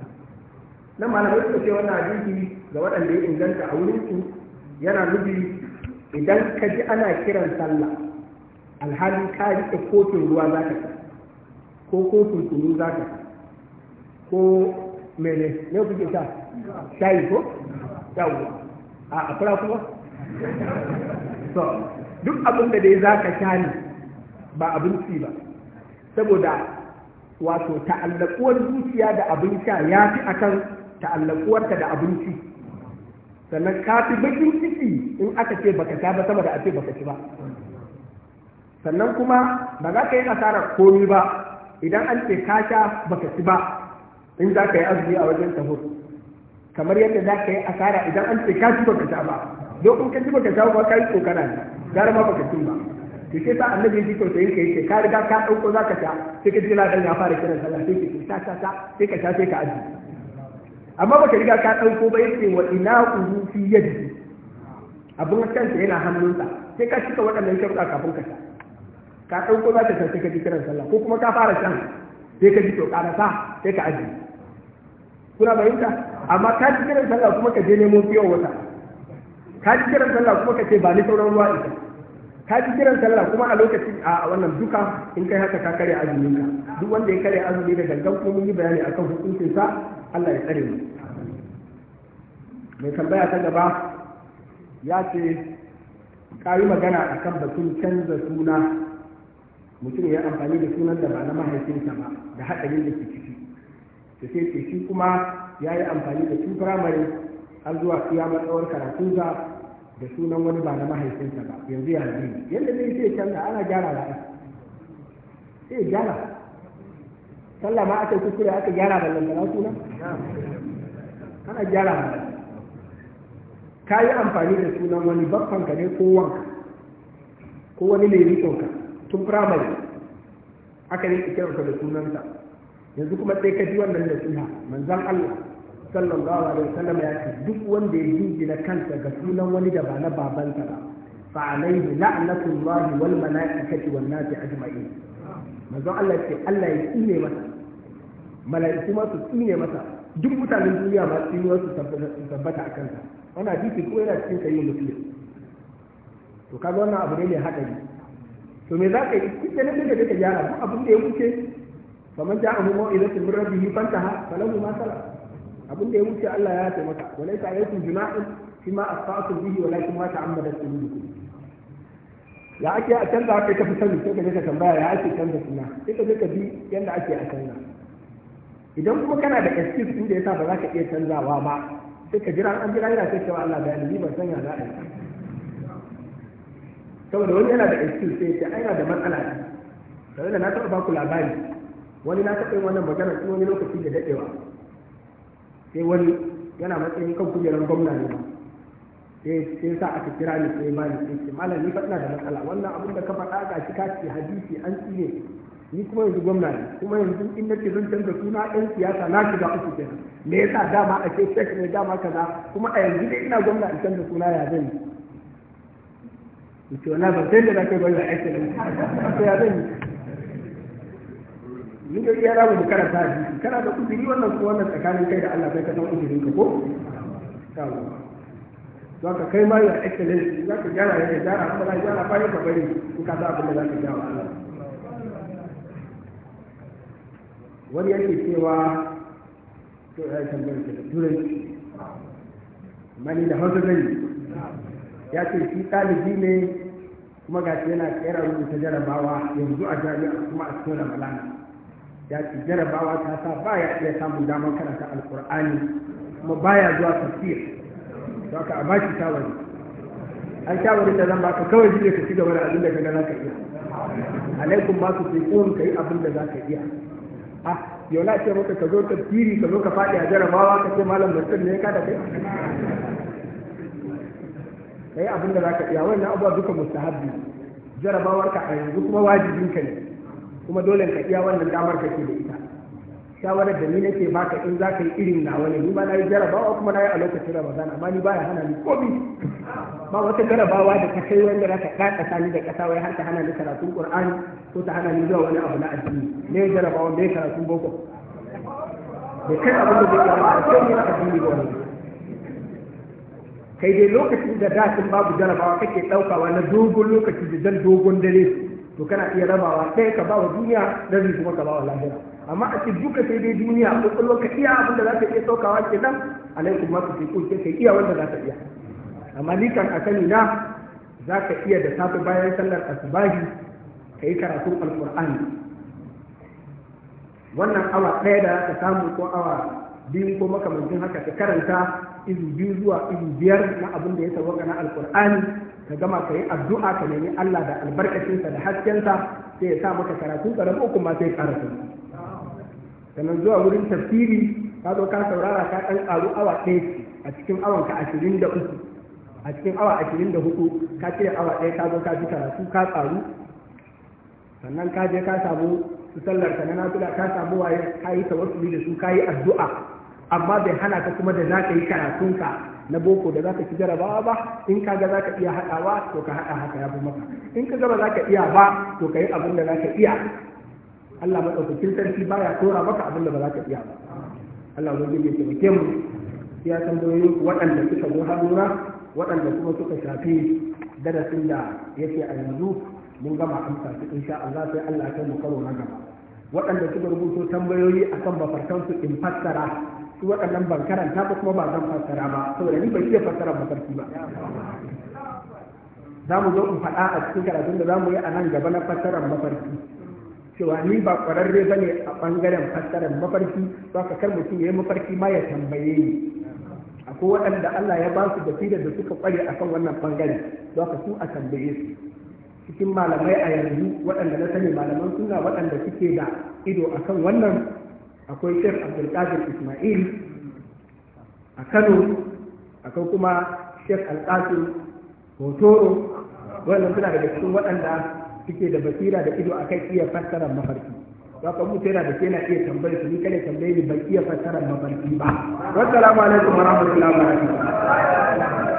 nan malamai suka ce wannan hadisi ga waɗanda ya inganta a wurin su yana nufi idan ka ji ana kiran sallah alhali ka riƙe kofin ruwa za ka ko kofin kunu za ka ko mene ne kuke sha shayi ko yawo a akura kuma so duk abin da dai za ka sha ne ba abinci ba saboda wato ta'allakuwar zuciya da abin sha ya fi akan ta'allakuwarta da abinci sannan ka fi bakin ciki in aka ce baka sha ba sama da a ce baka ci ba sannan kuma ba za ka yi asarar komi ba idan an ce ka sha baka ci ba in za ka yi azumi a wajen taho kamar yadda za ka yi asara idan an ce ka ci baka sha ba don ka ci baka sha ba ka yi tsokana ne gara ma baka ci ba to shi sa annabi ya ji tausayin ka yake ka riga ka ɗauko za ka sha sai ka ji ladan ya fara kiran sallah sai ka sha sha sha sai ka sha sai ka azumi amma baka riga ka ɗauko ba yake wa ina uhu fi yadda abin kansa yana hannunsa sai ka cika waɗannan sharuɗa kafin ka sha ka ɗauko za ka sha sai ka ji kiran sallah ko kuma ka fara shan sai ka ji to sa sai ka ajiye kuna fahimta amma ka ji kiran sallah kuma ka je nemo fiyo wata ka ji kiran sallah kuma ka ce ba ni sauran ruwa ita ka ji kiran sallah kuma a lokacin a wannan duka in kai haka ka kare azumin ka duk wanda ya kare azumi da gangan ko mun yi bayani akan hukuncin sa Allah ya tsare mu mai tambaya ta gaba ya ce ka yi magana akan batun canza suna mutum ya amfani da sunan da ba na mahaifinsa ba da haɗarin da ke ciki da sai ce shi kuma ya yi amfani da tun firamare har zuwa iya matsawar karatunsa da sunan wani ba na mahaifinsa ba yanzu ya zai yadda zai ce canza ana gyara da sai gyara sallah ma aka kuskure aka gyara da lantana suna ana gyara da ka yi amfani da sunan wani ka ne ko wanka ko wani mai ka, tun firamare aka yi kiransa da sunansa yanzu kuma sai ka ji wannan da suna manzan Allah sallallahu alaihi wasallam ya ce duk wanda ya jingina kansa ga sunan wani da ba na babansa ba fa alaihi la'natullahi wal mala'ikati wan nasi ajma'in manzo Allah ya ce Allah ya tsine masa mala'iku ma su tsine masa duk mutanen duniya ma yi su tabbata a kansa wannan hadisi ko yana cikin sayyid muslim to kaga wannan abu ne mai hadari to me za ka yi kike na da kake gyara duk abin da ya wuce faman ja'a hu mau'izatin min rabbih fantaha falahu ma salat abin da ya wuce Allah ya ce maka wa laysa alaykum fi ma asfa'tum bihi walakin ma ta'ammadat qulubukum ya ake a canza haka ka fi sani sai ka je ka tambaya ya ake canza suna sai ka je ka bi yadda ake a canza idan kuma kana da excuse inda yasa ba za ka iya canzawa ba sai ka jira an jira yana sai cewa Allah bayani ni ban san ya za a yi saboda wani yana da excuse sai ya ce ai da matsala ne saboda na taɓa ku labari wani na taɓa yin wannan magana tun wani lokaci da daɗewa sai wani yana matsayin kan kujerar gwamna ne sai sa aka kira ni sai ba ni sai ce malam ni faɗina da matsala wannan abin da ka faɗa ga shi ka ce hadisi an tsine ni kuma yanzu gwamna ne kuma yanzu in na ce zan canza suna ɗan siyasa na shiga uku kenan me yasa dama a ce shek ne dama kaza kuma a yanzu dai ina gwamna in canza suna ya zan yi ce na ban sai da na kai gwamna aiki da mu ya zan yi mun ga iya ramu karanta hadisi kana da uzuri wannan ko wannan tsakanin kai da Allah sai ka san uzurin ka ko don ka kai mai ya excellence za ka gyara ya gyara kuma za ka gyara bayan ka bari in ka sa abin da za ka gyara Allah wani yake cewa to ya tambayar ka turanci mani da hausa zai ya ce shi ɗalibi ne kuma shi yana kera rubuta jarabawa yanzu a jami'a kuma a cikin ramadana ya ce jarabawa ta sa ba ya iya samun damar karanta alkur'ani kuma ba ya zuwa tafiya don ka a ba shi shawari an shawari da zan baka kawai shi ne ka ci gaba da abin da ka za ka iya alaikum ba su sai kun ka yi abin da za ka iya a ah, yau na ce maka ka zo tafsiri ka zo ka faɗi a jarabawa ka ce malam mutum ne ka da kai ka yi abin da za ka iya wannan abubuwa duka mustahabbi ka a yanzu kuma wajibinka ne kuma dole ka iya wannan damar ke da ita shawarar da ni nake baka in za ka yi irin nawa ne ni ba na yi jarabawa kuma na yi a lokacin ramadan amma ni baya hana ni komi ba wata jarabawa da ka kai wanda za ka kaɗa ni da ƙasa wai har ta hana ni karatun qur'ani ko ta hana ni zuwa wani abu na addini ne jarabawa ne karatun boko da kai abin da zai kama a kai na addini ba kai dai lokacin da datin babu jarabawa kake ɗaukawa na dogon lokaci da jan dogon dare to kana iya rabawa ɗaya ka bawa duniya rabi kuma ka bawa lahira amma a ce duka sai dai duniya ko ka iya abin da za ka iya saukawa ke nan alaikum ma ku ko sai ka iya wanda za ka iya amma ni kan a sani na za ka iya da safe bayan sallar asubahi ka yi karatun alkur'ani wannan awa ɗaya da ka samu ko awa biyu ko makamancin haka ka karanta izu biyu zuwa izu biyar na abin da ya sauka na alkur'ani ka gama ka yi addu'a ka nemi Allah da albarkacinsa da haskensa sai ya sa maka karatun ka rabu kuma sai ka sun sannan zuwa wurin tafsiri ka zo ka saurara ka ɗan ƙaru awa ɗaya a cikin awan ka ashirin da uku a cikin awa ashirin da ka cire awa ɗaya ka zo ka ji karatu ka ƙaru sannan ka je ka samu su sallar ka na nafila ka samu waye ka yi tawassuli da su ka yi addu'a amma bai hana ka kuma da za ka yi karatunka na boko da ka ci jarabawa ba in kaga zaka iya haɗawa to ka haɗa haka ya fi maka in kaga za zaka iya ba to ka yi abin da zaka iya Allah madaukakin sarki baya tora maka abin da ba zaka iya ba Allah ubangiji ya taimake mu ya tambayoyi waɗanda suka zo hadura waɗanda kuma suka shafi darasin da yake a yanzu mun gama amsa su insha Allah sai Allah ya kai mu karo na gaba waɗanda suka rubuto tambayoyi akan mafarkansu in fassara su waɗannan ban karanta ba kuma ba zan fassara ba saboda ni ba iya fassara mafarki ba za mu zo in faɗa a cikin karatun da za mu yi a nan gaba na fassarar mafarki cewa ni ba ƙwararre ba ne a ɓangaren fassarar mafarki ba ka kar mutum ya yi mafarki ma ya tambaye ni akwai waɗanda Allah ya ba su basira da suka ƙware a kan wannan ɓangare ba ka su a tambaye su cikin malamai a yanzu waɗanda na sani malaman suna waɗanda suke da ido a kan wannan akwai shek abdulkadir ismail a kano akwai kuma shek alkasim hotoro wannan suna daga cikin waɗanda suke da basira da ido akan iya fassara mafarki za ka mutu yana da ke na iya tambaye su ni kane tambaye ni ban iya fassara mafarki ba wassalamu alaikum warahmatullahi wabarakatuh